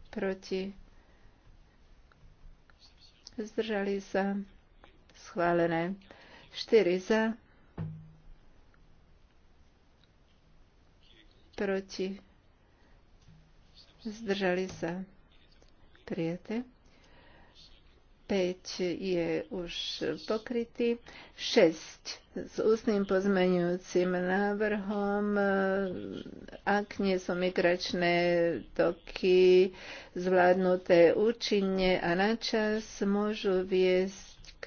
Proti? Zdržali sa. Schválené. 4 za. Proti? Zdržali sa. Prijaté. 5 je už pokrytý, 6 s ústnym pozmenujúcim návrhom, ak nie sú migračné toky zvládnuté účinne a načas, môžu viesť k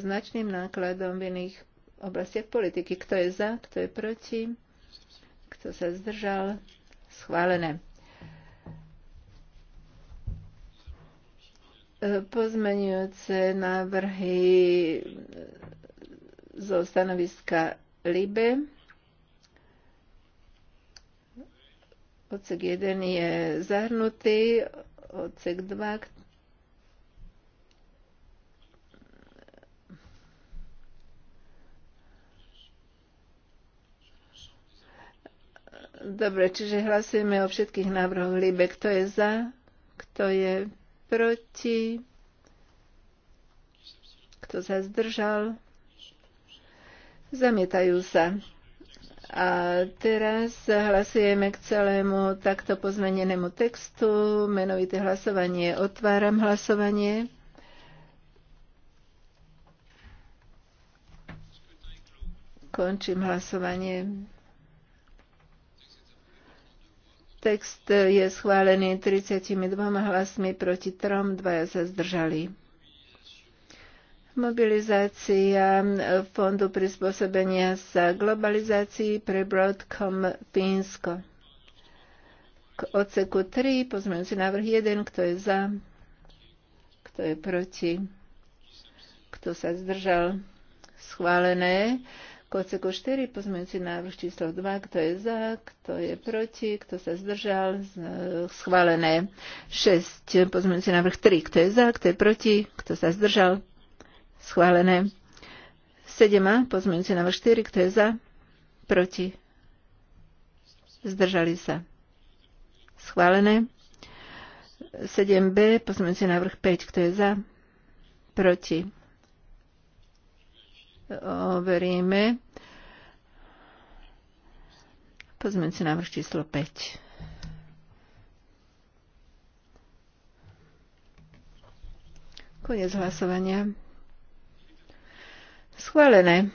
značným nákladom v iných oblastiach politiky. Kto je za, kto je proti, kto sa zdržal, schválené. Pozmenujúce návrhy zo stanoviska LIBE. Odsek 1 je zahrnutý, odsek 2, Dobre, čiže hlasujeme o všetkých návrhoch Libe. Kto je za? Kto je proti, kto sa zdržal, zamietajú sa. A teraz hlasujeme k celému takto pozmenenému textu. Menovité hlasovanie. Otváram hlasovanie. Končím hlasovanie. Text e, je schválený 32 hlasmi proti 3, dvaja sa zdržali. Mobilizácia e, Fondu prispôsobenia sa globalizácii pre Broadcom Fínsko. K odseku 3 pozmeňujúci návrh 1, kto je za, kto je proti, kto sa zdržal. Schválené. K 4 pozmeňujúci návrh číslo 2, kto je za, kto je proti, kto sa zdržal, schválené. 6 pozmeňujúci návrh 3, kto je za, kto je proti, kto sa zdržal, schválené. 7 pozmeňujúci návrh 4, kto je za, proti, zdržali sa, schválené. 7b, pozmeňujúci návrh 5, kto je za, proti. Overíme Pozmeňujúci návrh číslo 5. Konec hlasovania. Schválené.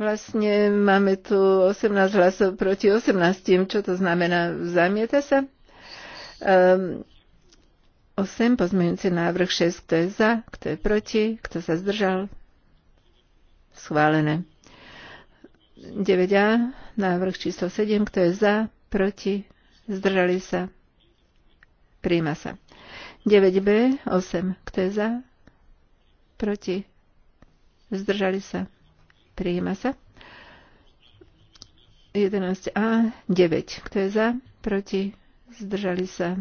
Vlastne máme tu 18 hlasov proti 18, čo to znamená? Zamieta sa? Um, ehm, 8, pozmeňujúci návrh 6, kto je za, kto je proti, kto sa zdržal? Schválené. 9a, návrh číslo 7, kto je za, proti, zdržali sa, príjma sa. 9b, 8, kto je za, proti, zdržali sa, príjma sa. 11a, 9, kto je za, proti, zdržali sa,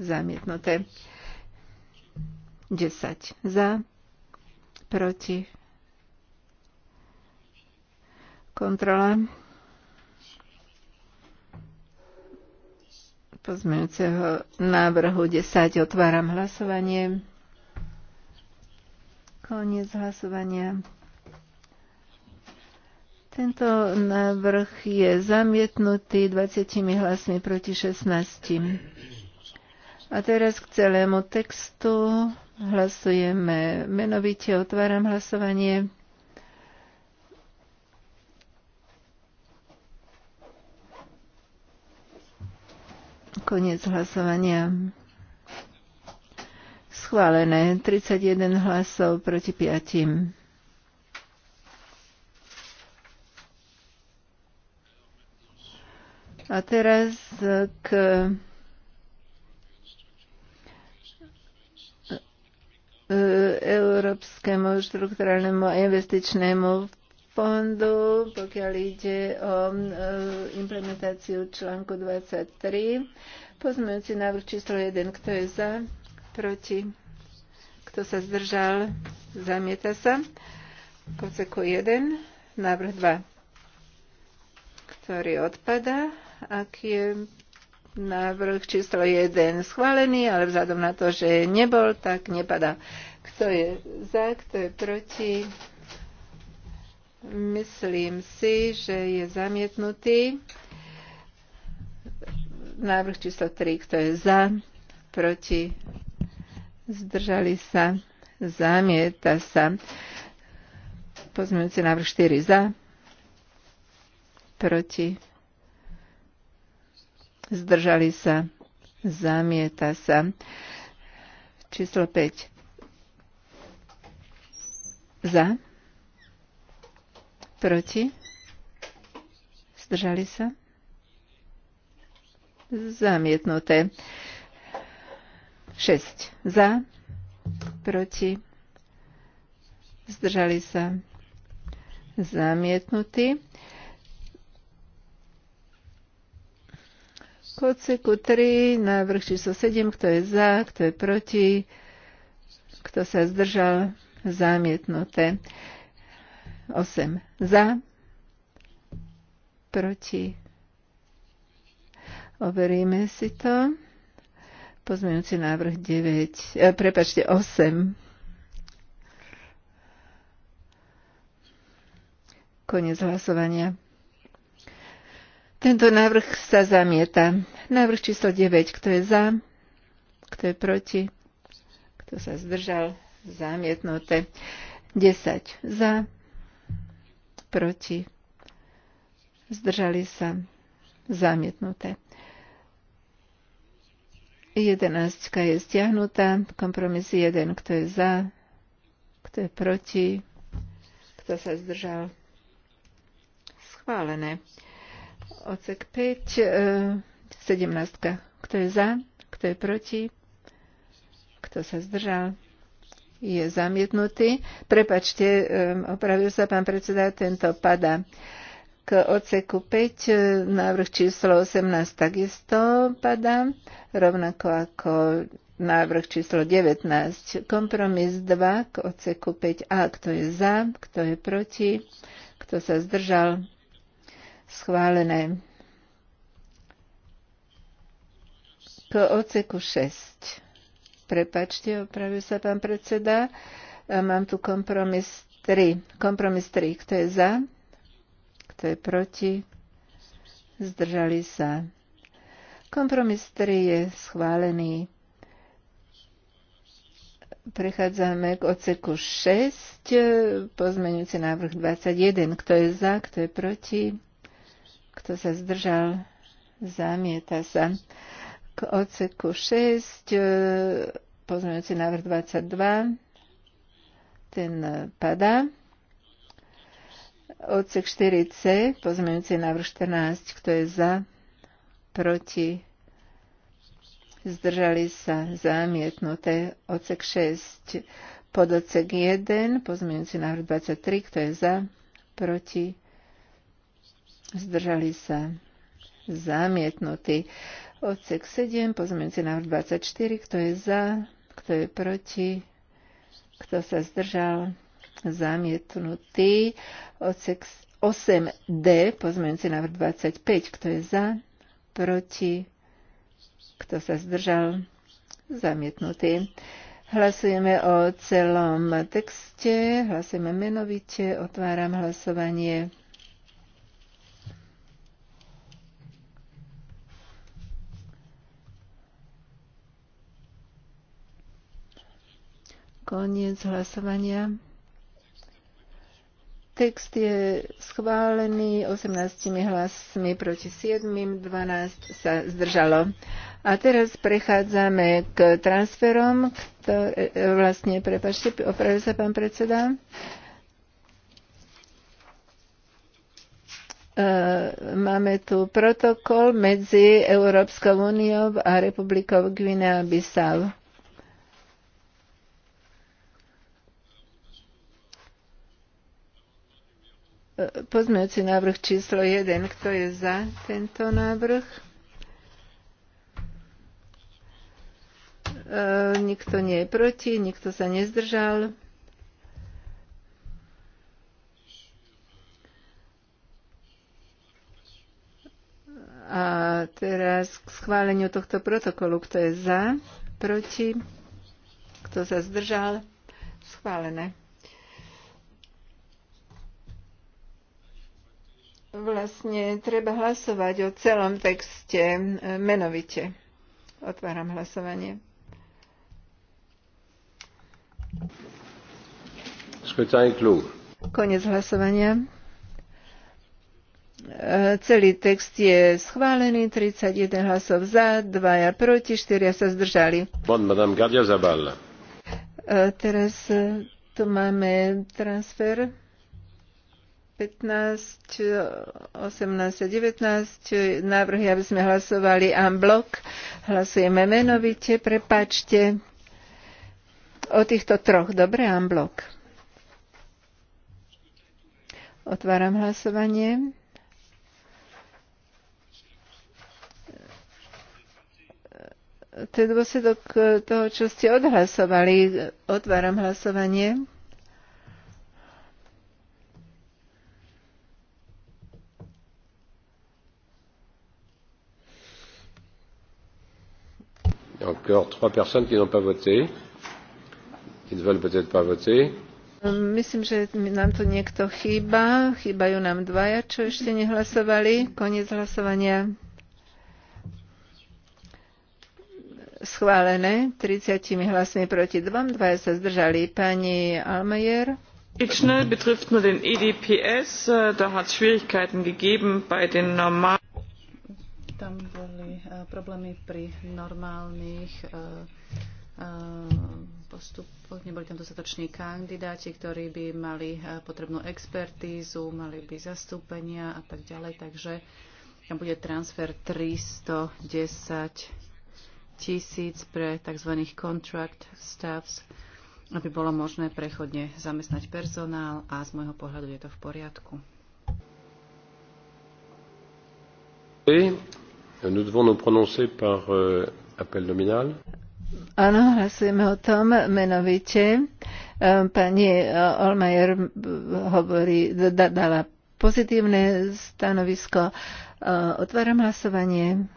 zamietnuté. 10 za, proti, Kontrola pozmeňujúceho návrhu 10. Otváram hlasovanie. Koniec hlasovania. Tento návrh je zamietnutý 20 hlasmi proti 16. A teraz k celému textu hlasujeme menovite. Otváram hlasovanie. Koniec hlasovania. Schválené. 31 hlasov proti 5. A teraz k e, e, Európskemu štrukturálnemu investičnému fondu, pokiaľ ide o e, implementáciu článku 23. Pozmeňujúci návrh číslo 1. Kto je za? Proti? Kto sa zdržal? Zamieta sa. Koceku 1. Návrh 2 ktorý odpada, ak je návrh číslo 1 schválený, ale vzhľadom na to, že nebol, tak nepada. Kto je za, Kto je proti? kto je proti, Myslím si, že je zamietnutý. Návrh číslo 3, kto je za, proti, zdržali sa, zamieta sa. Pozmeňujúci návrh 4 za, proti, zdržali sa, zamieta sa. Číslo 5 za, Proti? Zdržali sa? Zamietnuté. 6. Za? Proti? Zdržali sa? Zamietnutý. K 3, návrh číslo 7, kto je za, kto je proti, kto sa zdržal, zamietnuté. 8 za, proti. Overíme si to. Pozmeňujúci návrh 9, E, prepačte, 8. Konec hlasovania. Tento návrh sa zamieta. Návrh číslo 9, kto je za, kto je proti, kto sa zdržal, zamietnuté. 10 za, proti, zdržali sa zamietnuté. Jedenáctka je stiahnutá, kompromis 1, kto je za, kto je proti, kto sa zdržal. Schválené. Ocek 5, 17, kto je za, kto je proti, kto sa zdržal je zamietnutý. Prepačte, opravil sa pán predseda, tento pada. K oceku 5 e, návrh číslo 18 takisto pada, rovnako ako návrh číslo 19. Kompromis 2 k oceku 5a. Kto je za, kto je proti, kto sa zdržal, schválené. K oceku 6 prepačte, opravil sa pán predseda. Mám tu kompromis 3. Kompromis 3. Kto je za? Kto je proti? Zdržali sa. Kompromis 3 je schválený. Prechádzame k odseku 6, pozmeňujúci návrh 21. Kto je za, kto je proti? Kto sa zdržal? Zamieta sa. K odseku 6, e, pozmeňujúci návrh 22, ten padá. Odsek 4c, pozmeňujúci návrh 14, kto je za, proti, zdržali sa, zamietnuté. Odsek 6, pododsek 1, pozmeňujúci návrh 23, kto je za, proti, zdržali sa, zamietnutý. Odsek 7, pozmeňujúci návrh 24, kto je za, kto je proti, kto sa zdržal, zamietnutý. Odsek 8D, pozmeňujúci návrh 25, kto je za, proti, kto sa zdržal, zamietnutý. Hlasujeme o celom texte, hlasujeme menovite, otváram hlasovanie. Koniec hlasovania. Text je schválený 18 hlasmi proti 7, 12 sa zdržalo. A teraz prechádzame k transferom, ktoré, vlastne, prepačte, opravil sa pán predseda. E, máme tu protokol medzi Európskou úniou a Republikou Guinea-Bissau. Pozmeňujúci návrh číslo 1. Kto je za tento návrh? E, nikto nie je proti, nikto sa nezdržal. A teraz k schváleniu tohto protokolu. Kto je za? Proti? Kto sa zdržal? Schválené. vlastne treba hlasovať o celom texte e, menovite. Otváram hlasovanie. Konec hlasovania. E, celý text je schválený, 31 hlasov za, 2 proti, 4 sa zdržali. Bon, Madame Gardia Zabal. E, teraz tu máme transfer. 15, 18 a 19 návrhy, aby sme hlasovali en blok. Hlasujeme menovite, prepačte. O týchto troch, dobre, en blok. Otváram hlasovanie. To je dôsledok toho, čo ste odhlasovali. Otváram hlasovanie. Encore trois personnes qui n'ont pas voté, qui ne veulent peut-être pas voter. Ehm, myslím, že nám tu niekto chýba. Chýbajú nám dvaja, čo ešte nehlasovali. Koniec hlasovania. Schválené 30 hlasmi proti dvom, dvaja sa zdržali. Pani Almajer. Schnell betrifft nur den EDPS. Äh, da hat Schwierigkeiten gegeben bei den normalen. Tam bol Eh, problémy, pri normálnych eh, eh, postupoch. Neboli tam dostatoční kandidáti, ktorí by mali potrebnú expertízu, mali by zastúpenia a tak ďalej. Takže tam bude transfer 310 tisíc pre tzv. contract staffs, aby bolo možné prechodne zamestnať personál a z môjho pohľadu je to v poriadku. Euh, nous devons nous prononcer par euh, appel nominal. Áno, hlasujeme o tom menovite. Ehm, pani eh, Olmajer hovorí, dala pozitívne stanovisko. Eh, otváram hlasovanie.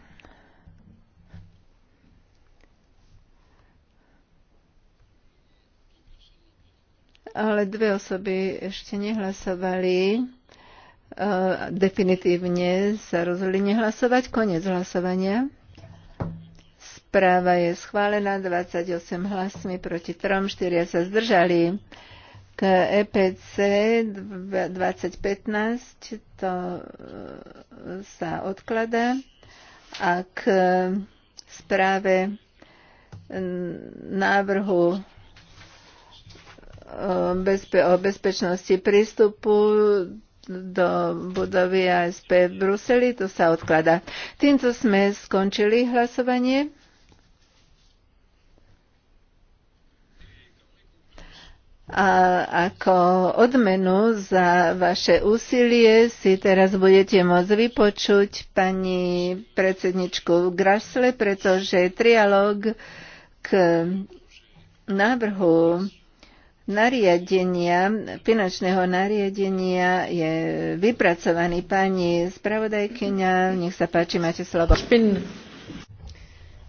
Ale dve osoby ešte nehlasovali. E, definitívne sa rozhodli nehlasovať. Konec hlasovania. Správa je schválená 28 hlasmi proti 3, 4 sa zdržali. K EPC 2015 to e, sa odklada a k správe e, návrhu o bezpečnosti prístupu do budovy ASP v Bruseli, to sa odklada. Týmto sme skončili hlasovanie. A ako odmenu za vaše úsilie si teraz budete môcť vypočuť pani predsedničku Grasle, pretože trialog k návrhu nariadenia, finančného nariadenia je vypracovaný. Pani spravodajkyňa, nech sa páči, máte slovo. Špin.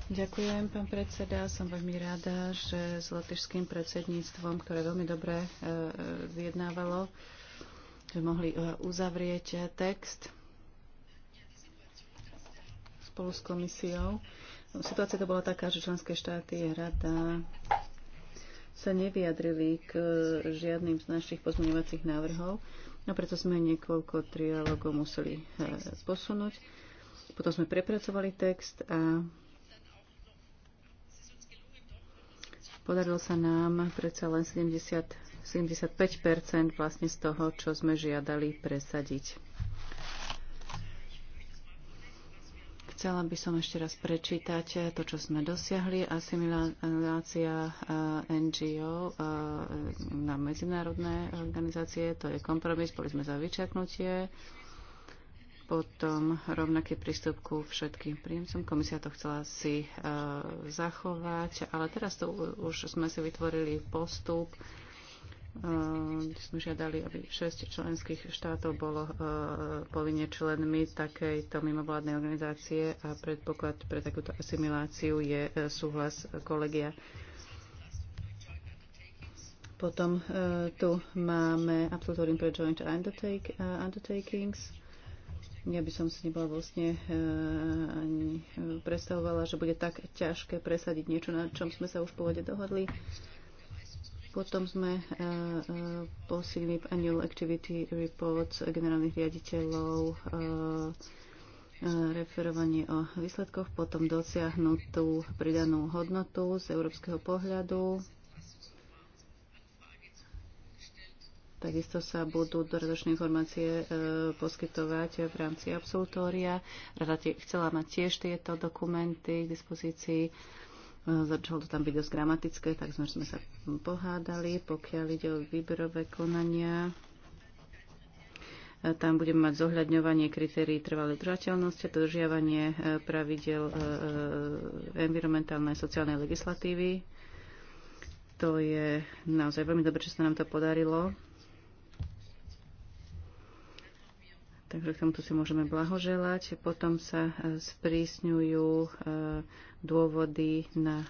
Ďakujem, pán predseda. Som veľmi rada, že s latišským predsedníctvom, ktoré veľmi dobre e, e, vyjednávalo, že mohli e, uzavrieť text spolu s komisiou. Situácia to bola taká, že členské štáty rada sa nevyjadrili k e, žiadnym z našich pozmeňovacích návrhov a preto sme niekoľko trialogov museli e, posunúť. Potom sme prepracovali text a podarilo sa nám predsa len 70, 75 vlastne z toho, čo sme žiadali presadiť. Chcela by som ešte raz prečítať eh, to, čo sme dosiahli. Asimilácia eh, NGO eh, na medzinárodné organizácie, to je kompromis, boli sme za vyčaknutie. Potom rovnaký prístup ku všetkým príjemcom. Komisia to chcela si zachovať, ale teraz to už sme si vytvorili postup, kde sme žiadali, aby 6 členských štátov bolo e, povinne členmi takejto mimovládnej organizácie a predpoklad pre takúto asimiláciu je e, súhlas kolegia. Potom e, tu máme absolutorium pre joint undertake, undertakings. Ja by som si nebola vlastne ani predstavovala, že bude tak ťažké presadiť niečo, na čom sme sa už pôvode dohodli. Uh, potom sme eh, eh, posilili v Annual Activity Reports generálnych riaditeľov eh, referovanie o výsledkoch, potom dosiahnutú pridanú hodnotu z európskeho pohľadu. Takisto sa budú doradočné informácie poskytovať v rámci absolutória. Rada chcela mať tiež tieto dokumenty k dispozícii Začalo to tam byť dosť gramatické, tak sme, sme sa pohádali. Pokiaľ ide o výberové konania, tam budeme mať zohľadňovanie kritérií trvalej držateľnosti, dodržiavanie e, pravidel e, e, environmentálnej a sociálnej legislatívy. To je naozaj veľmi dobré, že sa nám to podarilo. Takže k tomuto si môžeme blahoželať. Potom sa e, sprísňujú e, dôvody na e,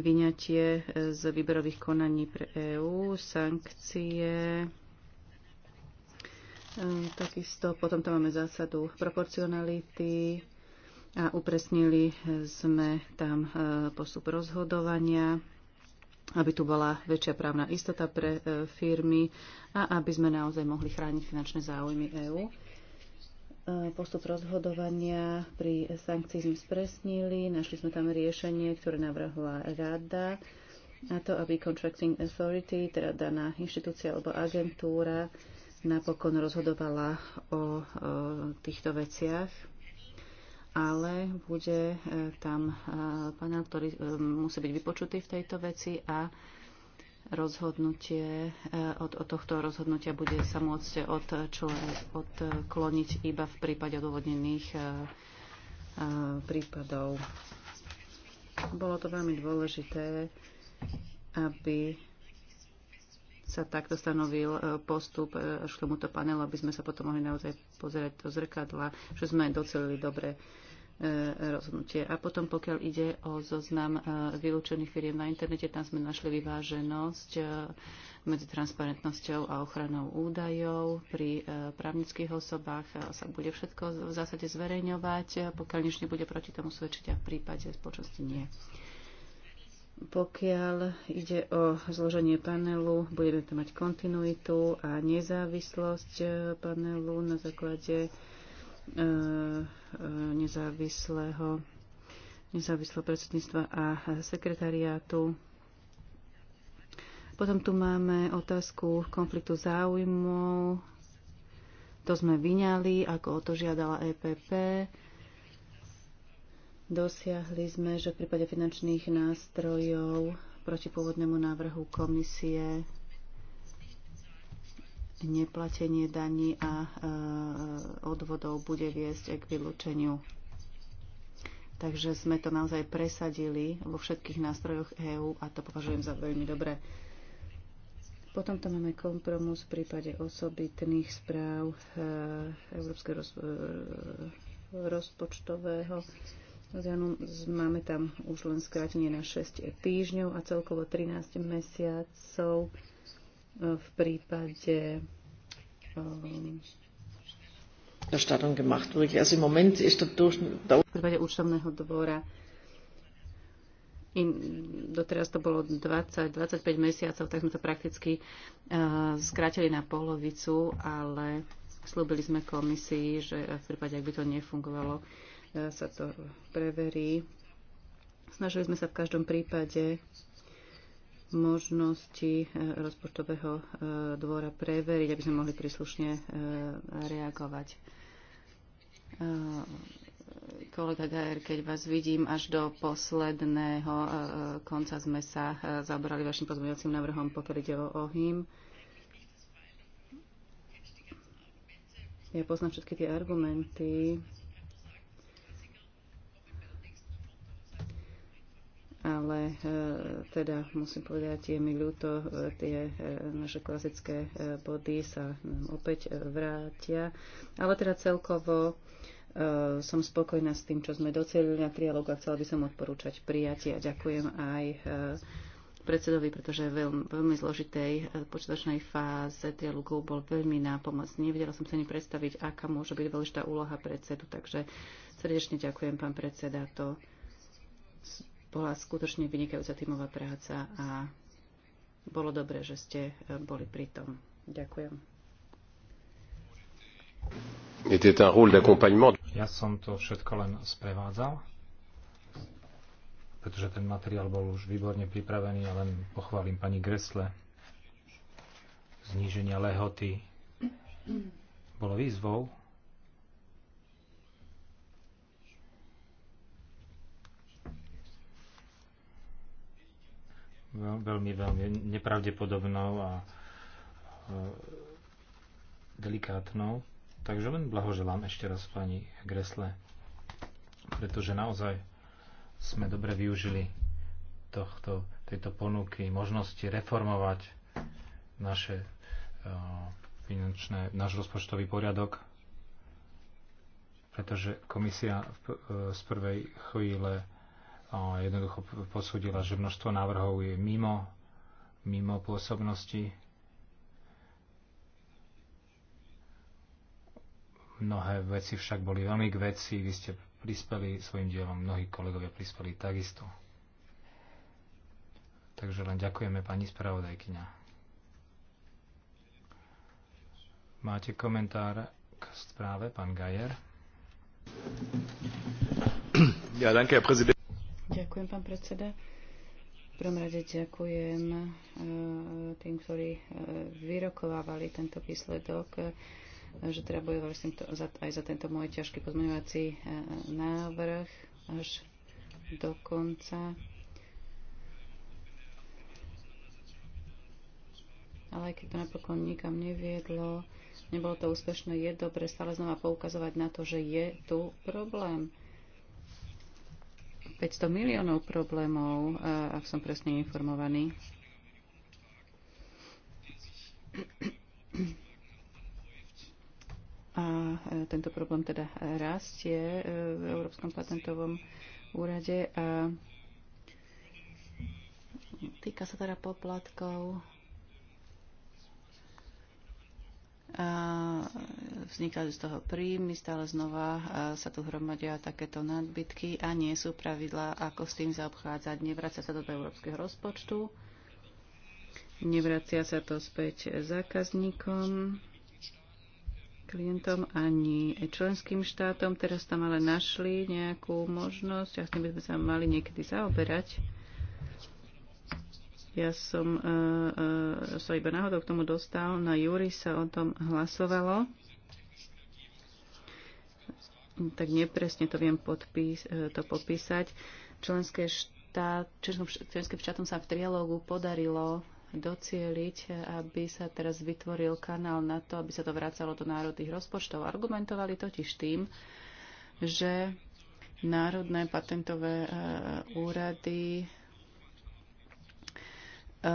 vyňatie z výberových konaní pre EÚ, sankcie. Takisto potom tam máme zásadu proporcionality a upresnili sme tam postup rozhodovania aby tu bola väčšia právna istota pre e, firmy a aby sme naozaj mohli chrániť finančné záujmy EÚ. E, postup rozhodovania pri sankcii sme spresnili, našli sme tam riešenie, ktoré navrhla rada na to, aby Contracting Authority, teda daná inštitúcia alebo agentúra, napokon rozhodovala o, o týchto veciach ale bude e, tam e, panel, ktorý e, musí byť vypočutý v tejto veci a rozhodnutie, od, od tohto rozhodnutia bude sa môcť od, čo, odkloniť iba v prípade odôvodnených prípadov. Bolo to veľmi dôležité, aby sa takto stanovil e, postup e, až k tomuto panelu, aby sme sa potom mohli naozaj pozerať do zrkadla, že sme docelili dobre e, rozhodnutie. A potom, pokiaľ ide o zoznam vylúčených firiem na internete, tam sme našli vyváženosť medzi transparentnosťou a ochranou údajov. Pri právnických osobách sa bude všetko v zásade zverejňovať, pokiaľ nič nebude proti tomu svedčiť a v prípade spoločnosti nie. Pokiaľ ide o zloženie panelu, budeme tam mať kontinuitu a nezávislosť e, panelu na základe e, e, nezávislého nezávislého predsedníctva a sekretariátu. Potom tu máme otázku konfliktu záujmov. To sme vyňali, ako o to žiadala EPP. Dosiahli sme, že v prípade finančných nástrojov proti pôvodnému návrhu komisie neplatenie daní a e, odvodov bude viesť k vylúčeniu. Takže sme to naozaj presadili vo všetkých nástrojoch EÚ a to považujem za veľmi dobré. Potom tam máme kompromis v prípade osobitných správ e, Európskeho e, rozpočtového Máme tam už len skrátenie na 6 týždňov a celkovo 13 mesiacov e, v prípade e, V prípade účtovného dvora in, doteraz to bolo 20-25 mesiacov, tak sme to prakticky uh, skrátili na polovicu, ale slúbili sme komisii, že v prípade, ak by to nefungovalo, uh, sa to preverí. Snažili sme sa v každom prípade možnosti e, rozpočtového e, dvora preveriť, aby sme mohli príslušne e, reagovať. Kolega Gajer, keď vás vidím až do posledného konca sme sa zaoberali vašim pozmeňovacím návrhom, pokiaľ ide o ohým. Ja poznám všetky tie argumenty, ale e, teda musím povedať, je mi ľúto, e, tie e, naše klasické body sa opäť vrátia. Ale teda celkovo som spokojná s tým, čo sme docelili na trialógu a chcela by som odporúčať prijatie a ďakujem aj predsedovi, pretože v veľmi, veľmi zložitej počítačnej fáze trialógu bol veľmi nápomocný. Nevedela som sa ani predstaviť, aká môže byť dôležitá úloha predsedu, takže srdečne ďakujem, pán predseda, to bola skutočne vynikajúca tímová práca a bolo dobré, že ste e, boli pri tom. Ďakujem. Ja som to všetko len sprevádzal, pretože ten materiál bol už výborne pripravený a len pochválim pani Gresle. Zníženie lehoty bolo výzvou, veľmi, veľmi nepravdepodobnou a e, delikátnou. Takže len blahoželám ešte raz pani Gresle, pretože naozaj sme dobre využili tohto, tejto ponuky, možnosti reformovať naše e, finančné, náš rozpočtový poriadok, pretože komisia e, z prvej chvíle a jednoducho posúdila, že množstvo návrhov je mimo, mimo pôsobnosti. Mnohé veci však boli veľmi k veci, vy ste prispeli svojim dielom, mnohí kolegovia prispeli takisto. Takže len ďakujeme pani spravodajkyňa. Máte komentár k správe, pán Gajer? Ja, danke, prezident. Ďakujem, pán predseda. V prvom rade ďakujem e, tým, ktorí e, vyrokovávali tento výsledok, e, že teda bojovali aj za tento môj ťažký pozmeňovací návrh až do konca. Ale aj keď to napokon nikam neviedlo, nebolo to úspešné, je dobre stále znova poukazovať na to, že je tu problém 500 miliónov problémov, ak som presne informovaný. A e, tento problém teda rastie e, v Európskom patentovom úrade a týka sa teda poplatkov vznikajú z toho príjmy, stále znova sa tu hromadia takéto nadbytky a nie sú pravidlá, ako s tým zaobchádzať. Nevracia sa to do európskeho rozpočtu, nevracia sa to späť zákazníkom, klientom ani členským štátom. Teraz tam ale našli nejakú možnosť a s tým by sme sa mali niekedy zaoberať ja som uh, uh, sa iba náhodou k tomu dostal. Na júri sa o tom hlasovalo. Tak nepresne to viem podpís, uh, to popísať. Členské štát, členským štátom sa v trialógu podarilo docieliť, aby sa teraz vytvoril kanál na to, aby sa to vracalo do národných rozpočtov. Argumentovali totiž tým, že národné patentové úrady Eh,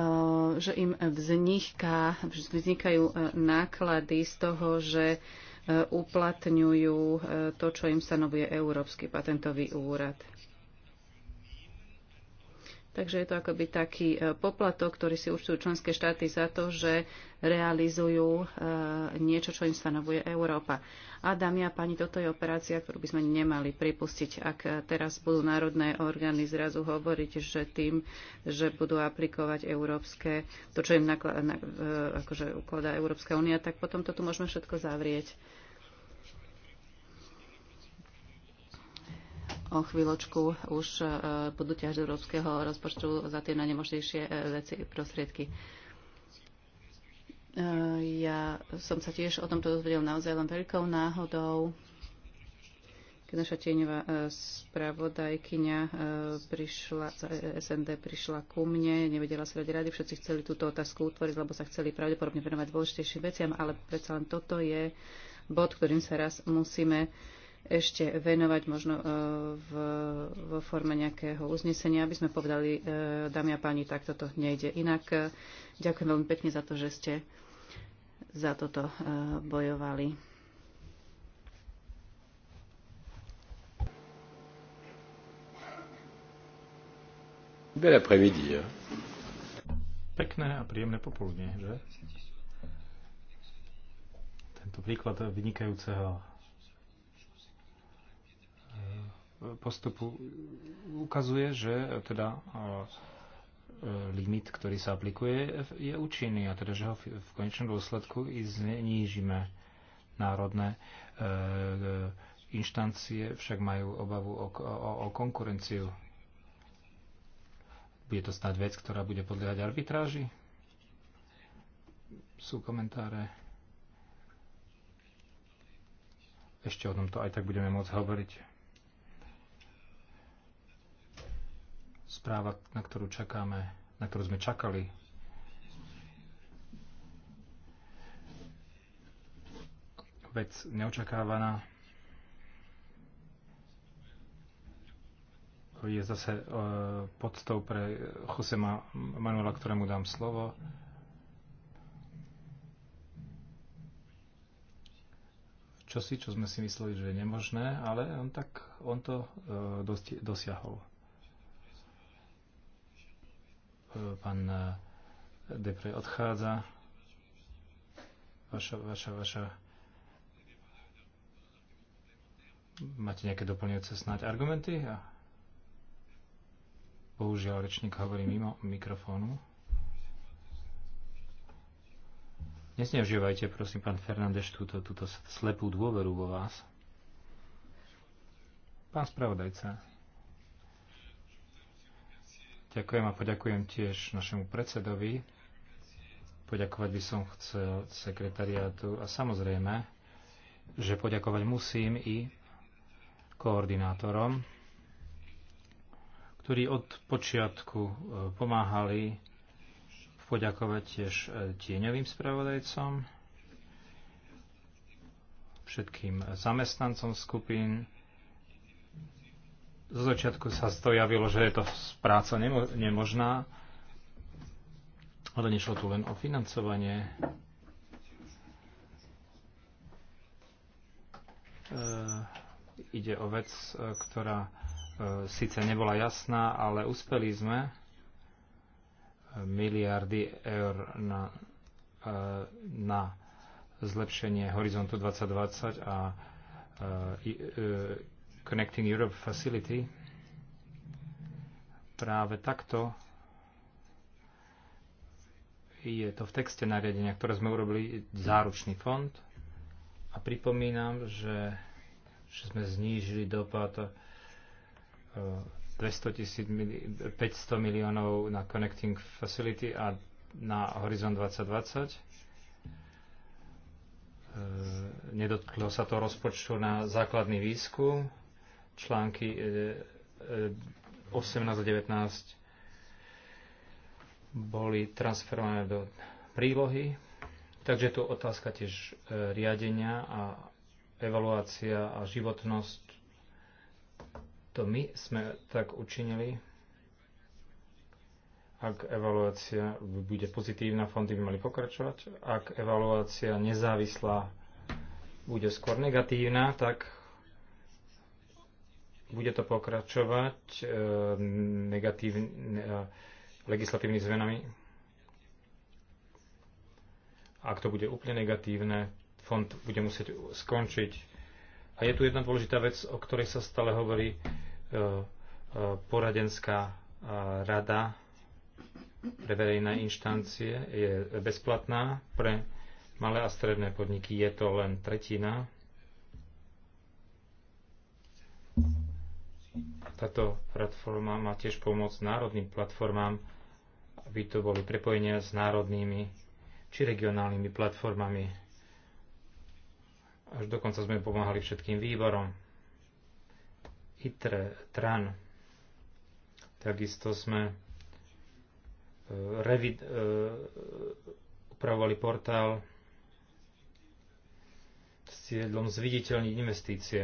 že im vzniká, vznikajú eh, náklady z toho, že eh, uplatňujú to, čo im stanovuje Európsky patentový úrad. Takže je to akoby taký e, poplatok, ktorý si určujú členské štáty za to, že realizujú e, niečo, čo im stanovuje Európa. A dámy a páni, toto je operácia, ktorú by sme nemali pripustiť, ak teraz budú národné orgány zrazu hovoriť, že tým, že budú aplikovať európske, to, čo im nakladá, e, akože ukladá Európska únia, tak potom to tu môžeme všetko zavrieť. o chvíľočku už e, budú ťažiť európskeho rozpočtu za tie najnemožnejšie e, veci prostriedky. E, ja som sa tiež o tomto dozvedel naozaj len veľkou náhodou, keď naša tieňová spravodajkyňa prišla, SND prišla ku mne, nevedela sa radi rady, všetci chceli túto otázku utvoriť, lebo sa chceli pravdepodobne venovať dôležitejším veciam, ale predsa len toto je bod, ktorým sa raz musíme ešte venovať možno e, v, vo forme nejakého uznesenia, aby sme povedali, e, dámy a páni, tak toto nejde. Inak ďakujem veľmi pekne za to, že ste za toto e, bojovali. Pekné a príjemné popoludne, že? Tento príklad vynikajúceho postupu ukazuje, že e, teda e, e, limit, ktorý sa aplikuje, je účinný a teda, že ho v konečnom dôsledku i znížime. Národné inštancie však majú obavu o, o, o konkurenciu. Bude to snáď vec, ktorá bude podliehať arbitráži? Sú komentáre? Ešte o tomto aj tak budeme môcť hovoriť. Správa, na ktorú čakáme, na ktorú sme čakali. Vec neočakávaná. je zase e, podstou pre Josema Manuela, ktorému dám slovo. Čosi, čo sme si mysleli, že je nemožné, ale on, tak, on to e, dosť, dosiahol. Pán eh, Depre odchádza. Vaša, vaša, vaša. Máte nejaké doplňujúce snáď argumenty? Bohužiaľ, rečník hovorí mimo mikrofónu. Nesneužívajte, prosím, pán Fernández, túto, túto slepú dôveru vo vás. Pán spravodajca, Ďakujem a poďakujem tiež našemu predsedovi. Poďakovať by som chcel sekretariátu a samozrejme, že poďakovať musím i koordinátorom, ktorí od počiatku e, pomáhali poďakovať tiež e, tieňovým spravodajcom, všetkým e, zamestnancom skupín, zo začiatku sa to javilo, že je to práca nemo- nemožná, ale nešlo tu len o financovanie. E, ide o vec, e, ktorá e, síce nebola jasná, ale uspeli sme e, miliardy eur na, e, na zlepšenie horizontu 2020 a e, e, Connecting Europe Facility práve takto je to v texte nariadenia, ktoré sme urobili záručný fond a pripomínam, že, že sme znížili dopad 200 000, 500 miliónov na Connecting Facility a na Horizon 2020 e, nedotklo sa to rozpočtu na základný výskum články 18 e, e, a 19 boli transferované do prílohy. Takže tu otázka tiež e, riadenia a evaluácia a životnosť. To my sme tak učinili. Ak evaluácia bude pozitívna, fondy by mali pokračovať. Ak evaluácia nezávislá bude skôr negatívna, tak bude to pokračovať e, negatívne, e, legislatívnymi zmenami. Ak to bude úplne negatívne, fond bude musieť skončiť. A je tu jedna dôležitá vec, o ktorej sa stále hovorí e, poradenská rada pre verejné inštancie je bezplatná. Pre malé a stredné podniky je to len tretina. Táto platforma má tiež pomôcť národným platformám, aby to boli prepojenia s národnými či regionálnymi platformami. Až dokonca sme pomáhali všetkým výborom. ITRE, TRAN. Takisto sme e, revid, uh, e, upravovali portál s cieľom zviditeľniť investície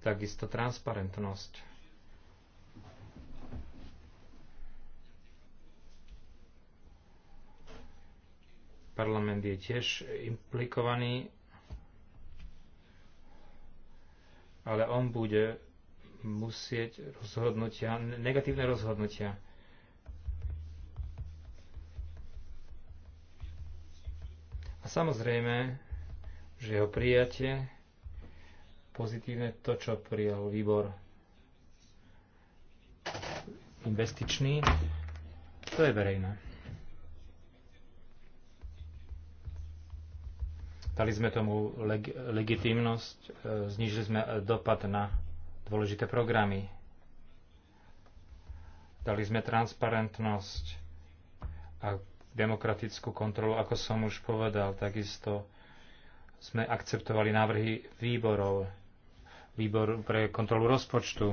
takisto transparentnosť. Parlament je tiež implikovaný, ale on bude musieť rozhodnutia, negatívne rozhodnutia A samozrejme, že jeho prijatie pozitívne to, čo prijal výbor investičný. To je verejné. Dali sme tomu leg- legitimnosť, e, znižili sme e, dopad na dôležité programy. Dali sme transparentnosť a demokratickú kontrolu, ako som už povedal. Takisto sme akceptovali návrhy výborov výbor pre kontrolu rozpočtu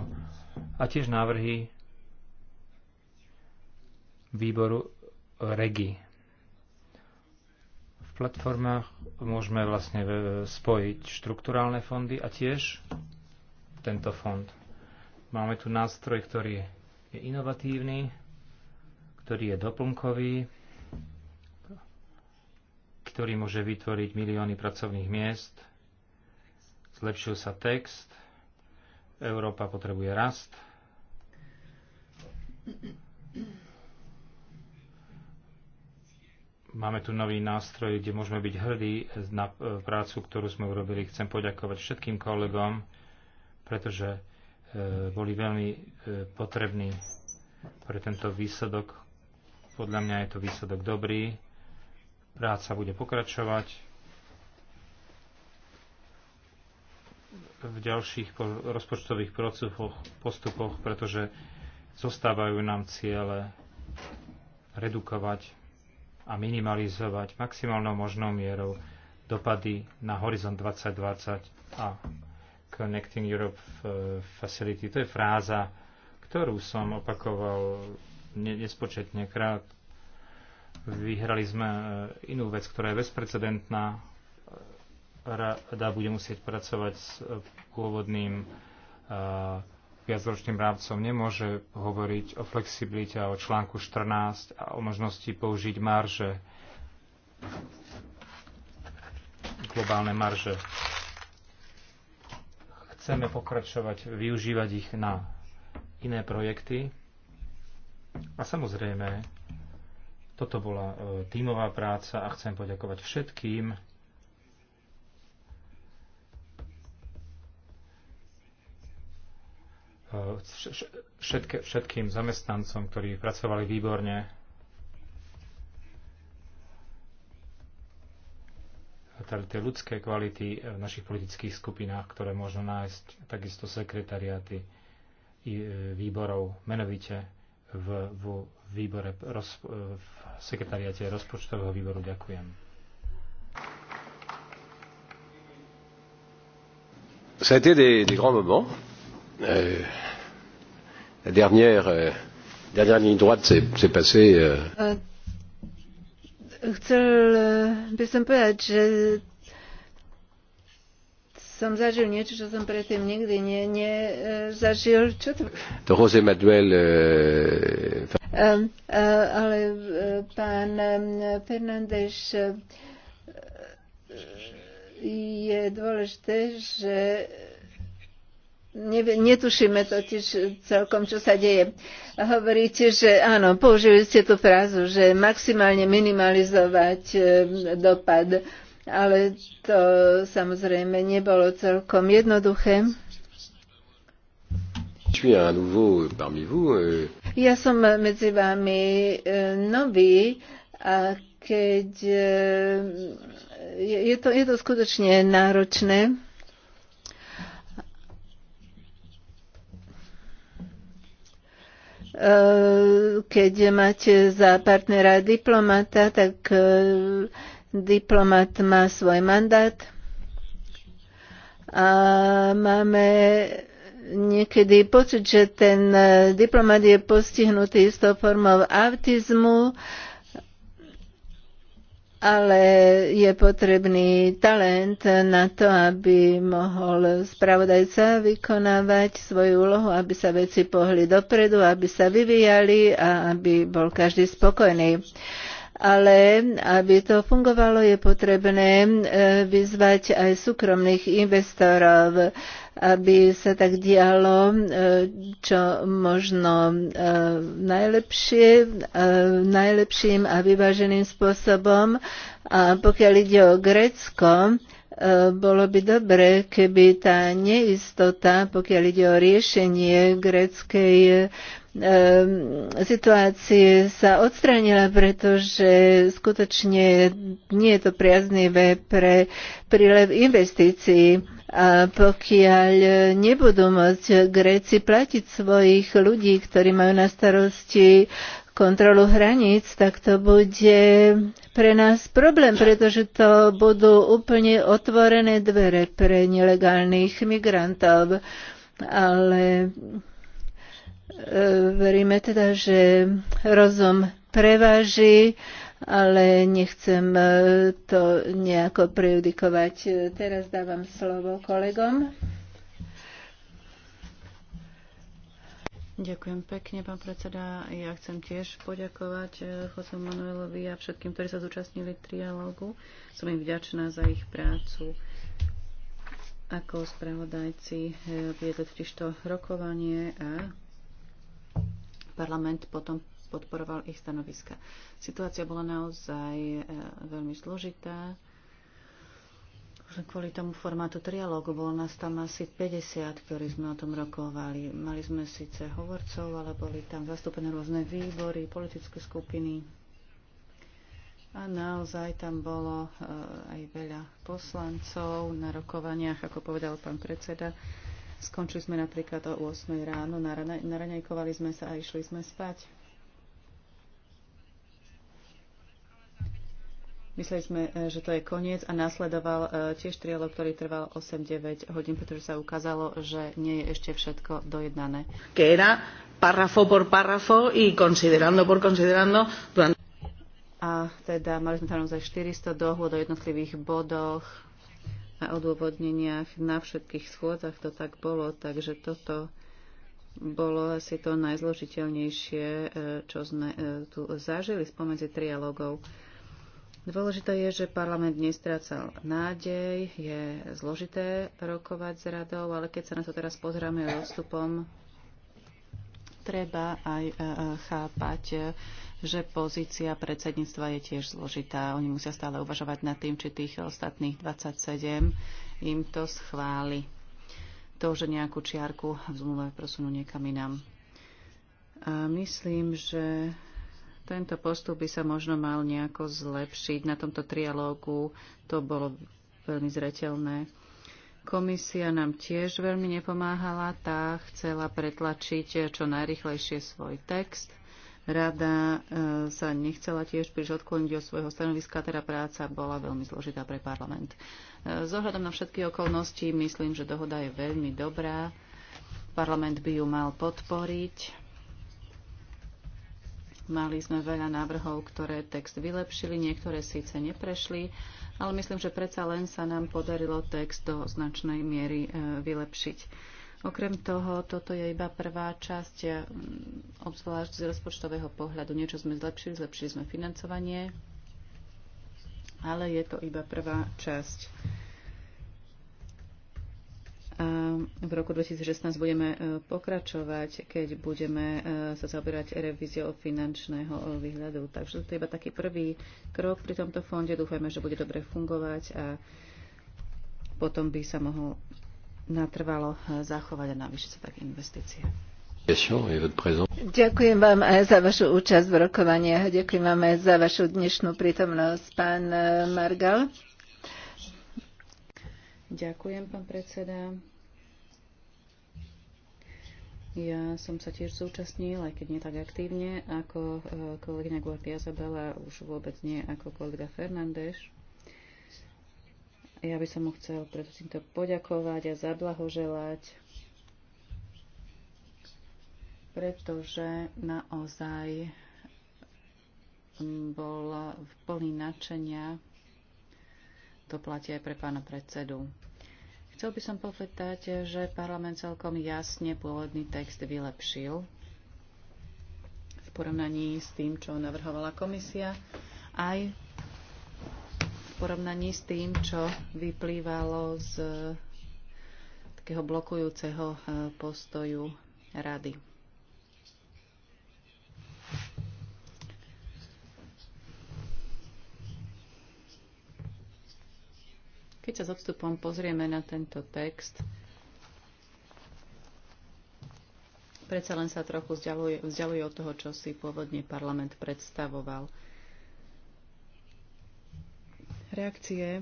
a tiež návrhy výboru REGI. V platformách môžeme vlastne e, spojiť štrukturálne fondy a tiež tento fond. Máme tu nástroj, ktorý je inovatívny, ktorý je doplnkový, ktorý môže vytvoriť milióny pracovných miest, Zlepšil sa text. Európa potrebuje rast. Máme tu nový nástroj, kde môžeme byť hrdí na prácu, ktorú sme urobili. Chcem poďakovať všetkým kolegom, pretože e, boli veľmi e, potrební pre tento výsledok. Podľa mňa je to výsledok dobrý. Práca bude pokračovať v ďalších rozpočtových procesoch, postupoch, pretože zostávajú nám ciele redukovať a minimalizovať maximálnou možnou mierou dopady na Horizon 2020 a Connecting Europe eh, Facility. To je fráza, ktorú som opakoval nespočetne krát. Vyhrali sme eh, inú vec, ktorá je bezprecedentná rada bude musieť pracovať s eh, pôvodným eh, viacročným rámcom nemôže hovoriť o flexibilite a o článku 14 a o možnosti použiť marže, globálne marže. Chceme pokračovať, využívať ich na iné projekty. A samozrejme, toto bola eh, tímová práca a chcem poďakovať všetkým, všetke, všetkým zamestnancom, ktorí pracovali výborne. tie ľudské kvality v našich politických skupinách, ktoré možno nájsť, takisto sekretariáty e, výborov, menovite v, v výbore roz, e, v sekretariate rozpočtového výboru. Ďakujem. Ça a été des, des grands moments euh, la dernière, euh, dernière ligne droite s'est passée. Euh... euh chcel euh, by som povedať, že som zažil niečo, čo som predtým nikdy nie, nie e, zažil. Čo to... To Jose Maduel. Uh... E, uh, uh, e, ale uh, pán uh, Fernández uh, je dôležité, že uh, Netušíme totiž celkom, čo sa deje. Hovoríte, že áno, použili ste tú frázu, že maximálne minimalizovať e, dopad, ale to samozrejme nebolo celkom jednoduché. Euh, euh. Ja som medzi vami e, nový a keď e, je to, je to skutočne náročné, Eh, keď máte za partnera diplomata, tak eh, diplomat má svoj mandát a máme niekedy pocit, že ten eh, diplomat je postihnutý istou formou autizmu, ale je potrebný talent na to, aby mohol spravodajca vykonávať svoju úlohu, aby sa veci pohli dopredu, aby sa vyvíjali a aby bol každý spokojný. Ale aby to fungovalo, je potrebné e, vyzvať aj súkromných investorov aby sa tak dialo e, čo možno e, najlepšie, e, najlepším a vyváženým spôsobom. A pokiaľ ide o Grécko, bolo by dobre, keby tá neistota, pokiaľ ide o riešenie gréckej situácie sa odstránila, pretože skutočne nie je to priaznivé pre prílev investícií a pokiaľ nebudú môcť Gréci platiť svojich ľudí, ktorí majú na starosti kontrolu hraníc, tak to bude pre nás problém, pretože to budú úplne otvorené dvere pre nelegálnych migrantov. Ale e, veríme teda, že rozum preváži ale nechcem e, to nejako prejudikovať. E, teraz dávam slovo kolegom. Ďakujem pekne, pán predseda. Ja chcem tiež poďakovať e, Jose Manuelovi a všetkým, ktorí sa zúčastnili trialógu. Som im vďačná za ich prácu. Ako spravodajci viedli totižto rokovanie a parlament potom podporoval ich stanoviska. Situácia bola naozaj e, veľmi zložitá. Už kvôli tomu formátu trialógu bolo nás tam asi 50, ktorí sme o tom rokovali. Mali sme síce hovorcov, ale boli tam zastúpené rôzne výbory, politické skupiny. A naozaj tam bolo e, aj veľa poslancov na rokovaniach, ako povedal pán predseda. Skončili sme napríklad o 8 ráno, naraňajkovali sme sa a išli sme spať. Mysleli sme, e, že to je koniec a následoval e, tiež trialog, ktorý trval 8-9 hodín, pretože sa ukázalo, že nie je ešte všetko dojednané. Kera, párrafo por párrafo i considerando por considerando A teda mali sme tam naozaj 400 dohôd o jednotlivých bodoch a odôvodneniach na všetkých schôdzach to tak bolo, takže toto bolo asi to najzložiteľnejšie, e, čo sme tu zažili spomedzi trialogov. Dôležité je, že parlament nestrácal nádej, je zložité rokovať s radou, ale keď sa na to teraz pozráme odstupom, treba aj e, e, chápať, že pozícia predsedníctva je tiež zložitá. Oni musia stále uvažovať nad tým, či tých ostatných 27 im to schváli. To, že nejakú čiarku v zmluve prosunú niekam inám. A myslím, že tento postup by sa možno mal nejako zlepšiť. Na tomto trialógu to bolo veľmi zreteľné. Komisia nám tiež veľmi nepomáhala, tá chcela pretlačiť čo najrychlejšie svoj text. Rada e, sa nechcela tiež príliš odkloniť od svojho stanoviska, teda práca bola veľmi zložitá pre parlament. Zohľadom e, na všetky okolnosti myslím, že dohoda je veľmi dobrá. Parlament by ju mal podporiť Mali sme veľa návrhov, ktoré text vylepšili, niektoré síce neprešli, ale myslím, že predsa len sa nám podarilo text do značnej miery e, vylepšiť. Okrem toho, toto je iba prvá časť, e, obzvlášť z rozpočtového pohľadu. Niečo sme zlepšili, zlepšili sme financovanie, ale je to iba prvá časť a v roku 2016 budeme e, pokračovať, keď budeme e, sa zaoberať revíziou finančného e, výhľadu. Takže to je iba taký prvý krok pri tomto fonde. Dúfajme, že bude dobre fungovať a potom by sa mohol natrvalo zachovať a navýšiť sa tak investície. Ďakujem vám aj za vašu účasť v a Ďakujem vám aj za vašu dnešnú prítomnosť, pán Margal. Ďakujem, pán predseda. Ja som sa tiež zúčastnil, aj keď nie tak aktívne, ako eh, kolegyňa Guardia Zabela, už vôbec nie ako kolega Fernández. Ja by som mu chcel preto týmto poďakovať a zablahoželať, pretože naozaj mm, bol v plný nadšenia. To platí aj pre pána predsedu. Chcel by som povedať, že parlament celkom jasne pôvodný text vylepšil v porovnaní s tým, čo navrhovala komisia, aj v porovnaní s tým, čo vyplývalo z takého blokujúceho eh, postoju rady. Keď sa s odstupom pozrieme na tento text, predsa len sa trochu vzdialuje, vzdialuje od toho, čo si pôvodne parlament predstavoval. Reakcie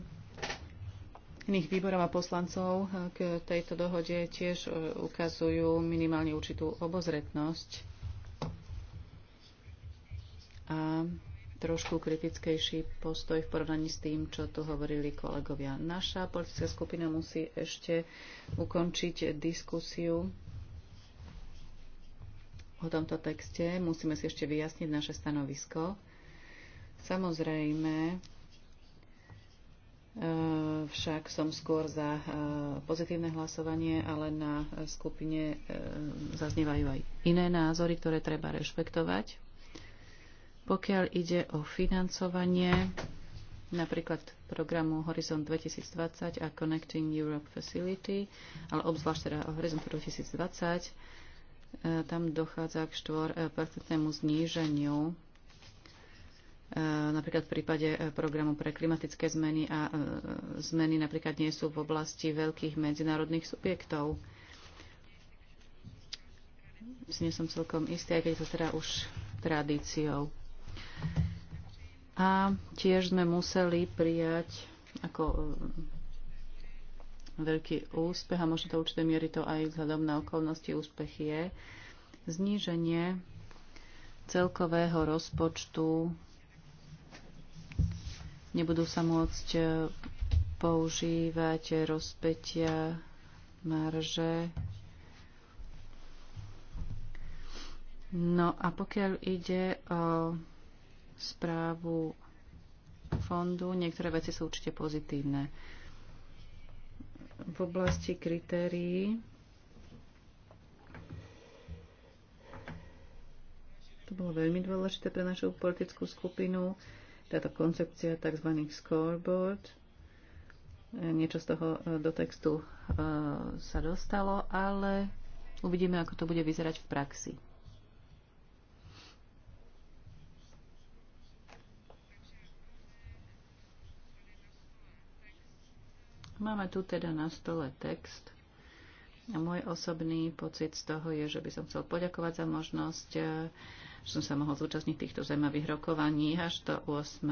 iných výborov a poslancov k tejto dohode tiež e, ukazujú minimálne určitú obozretnosť. A trošku kritickejší postoj v porovnaní s tým, čo tu hovorili kolegovia. Naša politická skupina musí ešte ukončiť diskusiu o tomto texte. Musíme si ešte vyjasniť naše stanovisko. Samozrejme, e, však som skôr za e, pozitívne hlasovanie, ale na skupine e, zaznievajú aj iné názory, ktoré treba rešpektovať. Pokiaľ ide o financovanie napríklad programu Horizon 2020 a Connecting Europe Facility, ale obzvlášť teda Horizon 2020, e, tam dochádza k 4 zníženiu e, napríklad v prípade e, programu pre klimatické zmeny a zmeny napríklad nie sú v oblasti veľkých medzinárodných subjektov. Nie som celkom istý, aj keď je to teda už tradíciou. A tiež sme museli prijať ako e, veľký úspech a možno to určité miery to aj vzhľadom na okolnosti úspech je zníženie celkového rozpočtu nebudú sa môcť e, používať rozpetia marže. No a pokiaľ ide o správu fondu. Niektoré veci sú určite pozitívne. V oblasti kritérií to bolo veľmi dôležité pre našu politickú skupinu, táto koncepcia tzv. scoreboard. Niečo z toho e, do textu e, sa dostalo, ale uvidíme, ako to bude vyzerať v praxi. Máme tu teda na stole text a môj osobný pocit z toho je, že by som chcel poďakovať za možnosť, e, že som sa mohol zúčastniť týchto zaujímavých rokovaní až do 8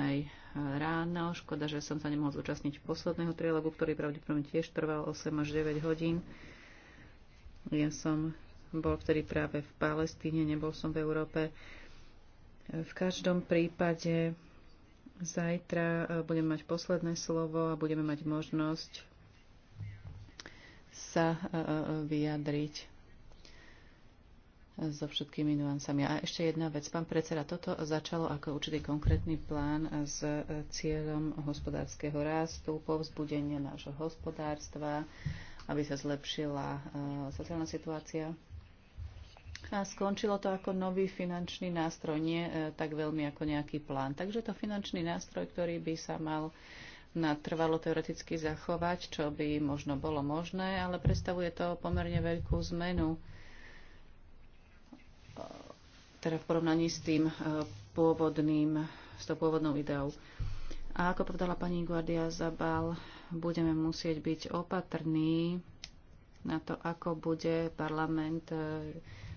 ráno. Škoda, že som sa nemohol zúčastniť posledného trialogu, ktorý pravdepodobne tiež trval 8 až 9 hodín. Ja som bol vtedy práve v Palestíne, nebol som v Európe. V každom prípade Zajtra e, budeme mať posledné slovo a budeme mať možnosť sa e, e, vyjadriť so všetkými nuancami. A ešte jedna vec. Pán predseda, toto začalo ako určitý konkrétny plán s cieľom hospodárskeho rastu, povzbudenie nášho hospodárstva, aby sa zlepšila sociálna situácia a skončilo to ako nový finančný nástroj, nie e, tak veľmi ako nejaký plán. Takže to finančný nástroj, ktorý by sa mal natrvalo teoreticky zachovať, čo by možno bolo možné, ale predstavuje to pomerne veľkú zmenu e, teda v porovnaní s tým e, pôvodným, s tou pôvodnou ideou. A ako povedala pani Guardia Zabal, budeme musieť byť opatrní na to, ako bude parlament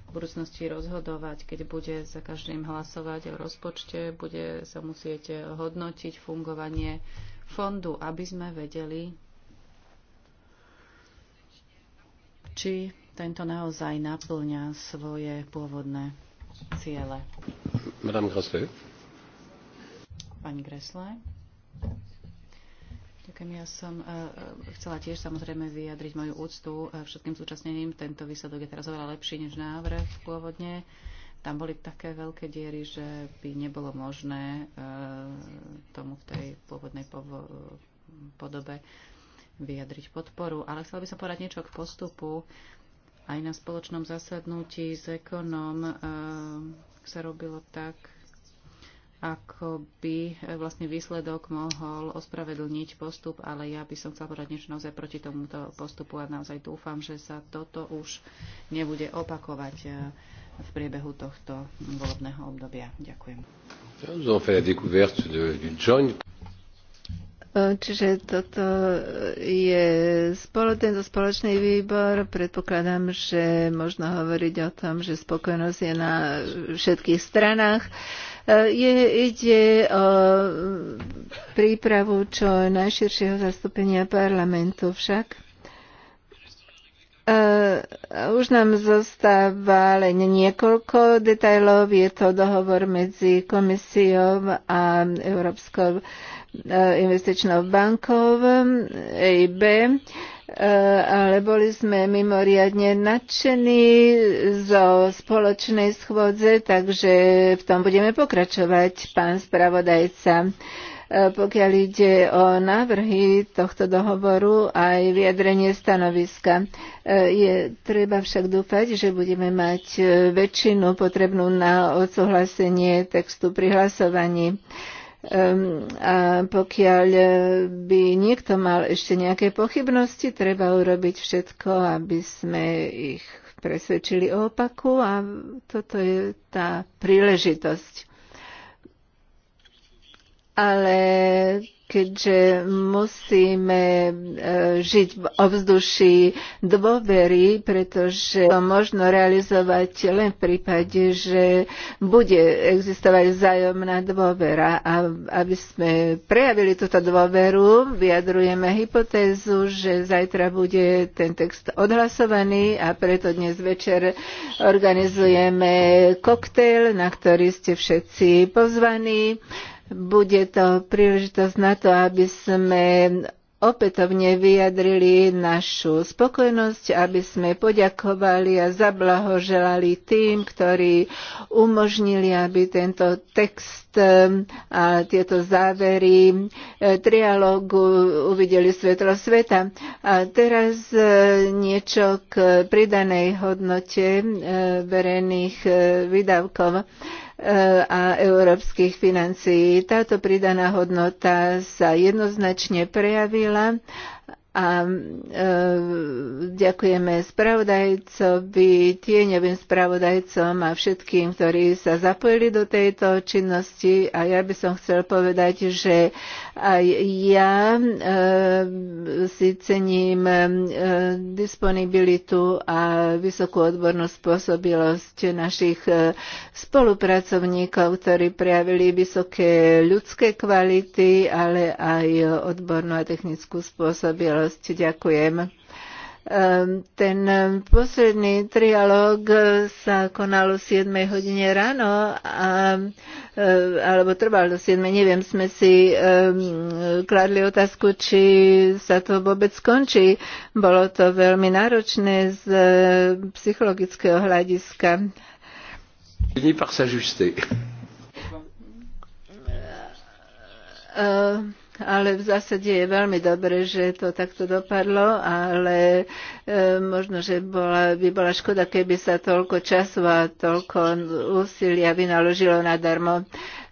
v budúcnosti rozhodovať, keď bude za každým hlasovať o rozpočte, bude sa musieť hodnotiť fungovanie fondu, aby sme vedeli, či tento naozaj naplňa svoje pôvodné ciele. Madame Grasle. Pani Gressle. Ďakujem. Ja som e, e, chcela tiež samozrejme vyjadriť moju úctu e, všetkým zúčastneným. Tento výsledok je teraz oveľa lepší než návrh pôvodne. Tam boli také veľké diery, že by nebolo možné tomu v tej pôvodnej podobe vyjadriť podporu. Ale chcela by som povedať niečo k postupu. Aj na spoločnom zasadnutí s ekonom sa robilo tak, ako by e, vlastne výsledok mohol ospravedlniť postup, ale ja by som chcela povedať niečo naozaj proti tomuto postupu a naozaj dúfam, že sa toto už nebude opakovať e, v priebehu tohto volebného obdobia. Ďakujem. E, čiže toto je spolo, tento spoločný výbor. Predpokladám, že možno hovoriť o tom, že spokojnosť je na všetkých stranách. Eh, je, ide o eh, prípravu čo najširšieho zastúpenia parlamentu však. Uh, už nám zostáva len niekoľko detajlov. Je to dohovor medzi komisiou a Európskou uh, Eh, investičnou bankou EIB, eh, eh, ale boli sme mimoriadne nadšení zo spoločnej schôdze, takže v tom budeme pokračovať, pán spravodajca pokiaľ ide o návrhy tohto dohovoru aj vyjadrenie stanoviska. Je treba však dúfať, že budeme mať väčšinu potrebnú na odsúhlasenie textu pri hlasovaní. Ehm, a pokiaľ e, by niekto mal ešte nejaké pochybnosti, treba urobiť všetko, aby sme ich presvedčili o opaku a toto je tá príležitosť. Ale keďže musíme e, žiť v ovzduší dôvery, pretože to možno realizovať len v prípade, že bude existovať vzájomná dôvera. A aby sme prejavili túto dôveru, vyjadrujeme hypotézu, že zajtra bude ten text odhlasovaný a preto dnes večer organizujeme koktejl, na ktorý ste všetci pozvaní. Bude to príležitosť na to, aby sme opätovne vyjadrili našu spokojnosť, aby sme poďakovali a zablahoželali tým, ktorí umožnili, aby tento text e, a tieto závery e, trialógu uvideli svetlo sveta. A teraz e, niečo k pridanej hodnote verejných výdavkov. Eh, a európskych financií. Táto pridaná hodnota sa jednoznačne prejavila a e, ďakujeme spravodajcovi, tieňovým spravodajcom a všetkým, ktorí sa zapojili do tejto činnosti a ja by som chcel povedať, že aj ja eh, si cením eh, disponibilitu a vysokú odbornú spôsobilosť našich eh, spolupracovníkov, ktorí prejavili vysoké ľudské kvality, ale aj odbornú a technickú spôsobilosť. Ďakujem. Ten posledný trialóg sa konal o 7 hodine ráno a Eh, alebo trval do 7, neviem, sme si kladli otázku, či sa to vôbec skončí. Bolo to veľmi náročné z eh, psychologického hľadiska. par s'ajuster. Uh, ale v zásade je veľmi dobre, že to takto dopadlo, ale e, možno, že bola, by bola škoda, keby sa toľko času a toľko úsilia vynaložilo nadarmo.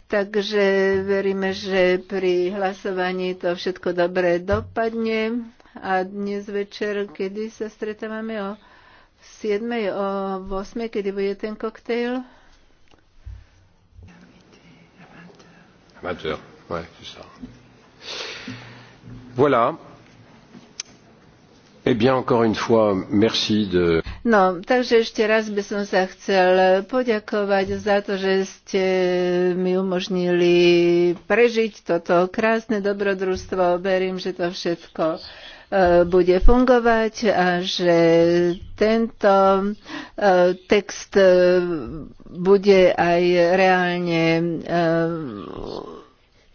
Takže veríme, že pri hlasovaní to všetko dobre dopadne a dnes večer, kedy sa stretávame o 7. o 8. kedy bude ten koktejl? 20h, ouais, c'est ça. Voilà. Eh bien, encore une fois, merci de... No, takže ešte raz by som sa chcel poďakovať za to, že ste mi umožnili prežiť toto krásne dobrodružstvo. Verím, že to všetko e, bude fungovať a že tento e, text e, bude aj reálne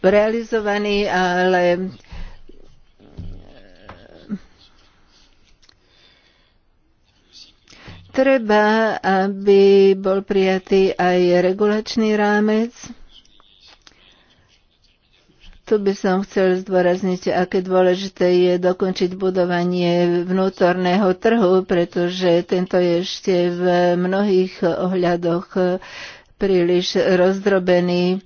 realizovaný, ale eh, treba, aby bol prijatý aj regulačný rámec. Tu by som chcel zdôrazniť, aké dôležité je dokončiť budovanie vnútorného trhu, pretože tento je ešte v mnohých ohľadoch príliš rozdrobený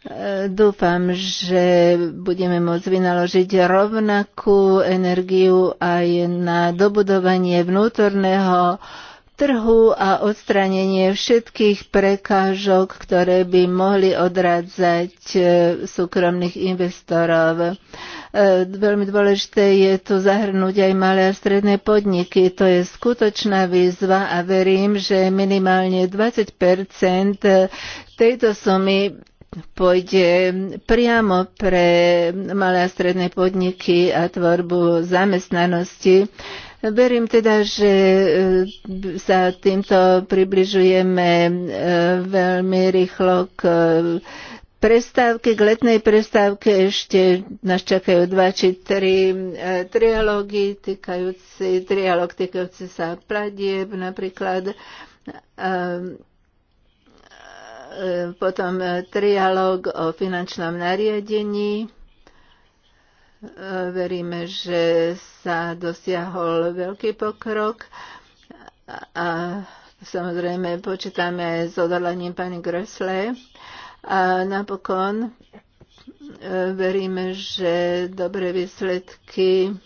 E, dúfam, že budeme môcť vynaložiť rovnakú energiu aj na dobudovanie vnútorného trhu a odstranenie všetkých prekážok, ktoré by mohli odrádzať e, súkromných investorov. E, veľmi dôležité je tu zahrnúť aj malé a stredné podniky. To je skutočná výzva a verím, že minimálne 20 tejto sumy pôjde priamo pre malé a stredné podniky a tvorbu zamestnanosti. Verím teda, že e, sa týmto približujeme e, veľmi rýchlo k e, prestávke, k letnej prestávke ešte nás čakajú dva či tri trialógy, týkajúci, trialóg týkajúci sa pladieb napríklad. E, potom e, trialog o finančnom nariadení. E, veríme, že sa dosiahol veľký pokrok a samozrejme počítame aj s odhodlaním pani Gresle. A napokon veríme, že dobré výsledky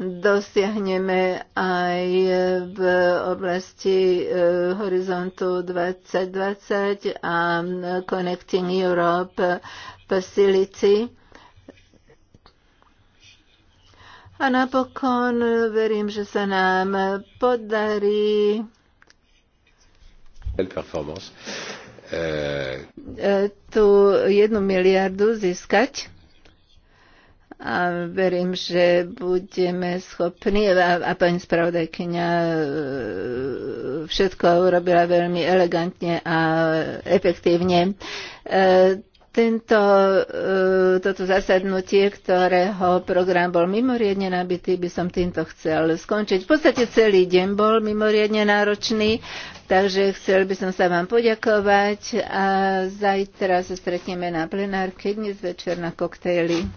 dosiahneme aj v oblasti e, Horizontu 2020 a Connecting Europe Facility. E, a napokon verím, že sa nám podarí e, tú jednu miliardu získať a verím, že budeme schopní a, a pani spravodajkyňa e, všetko urobila veľmi elegantne a efektívne. E, tento, e, toto zasadnutie, ktorého program bol mimoriadne nabitý, by som týmto chcel skončiť. V podstate celý deň bol mimoriadne náročný, takže chcel by som sa vám poďakovať a zajtra sa stretneme na plenárke, dnes večer na koktejly.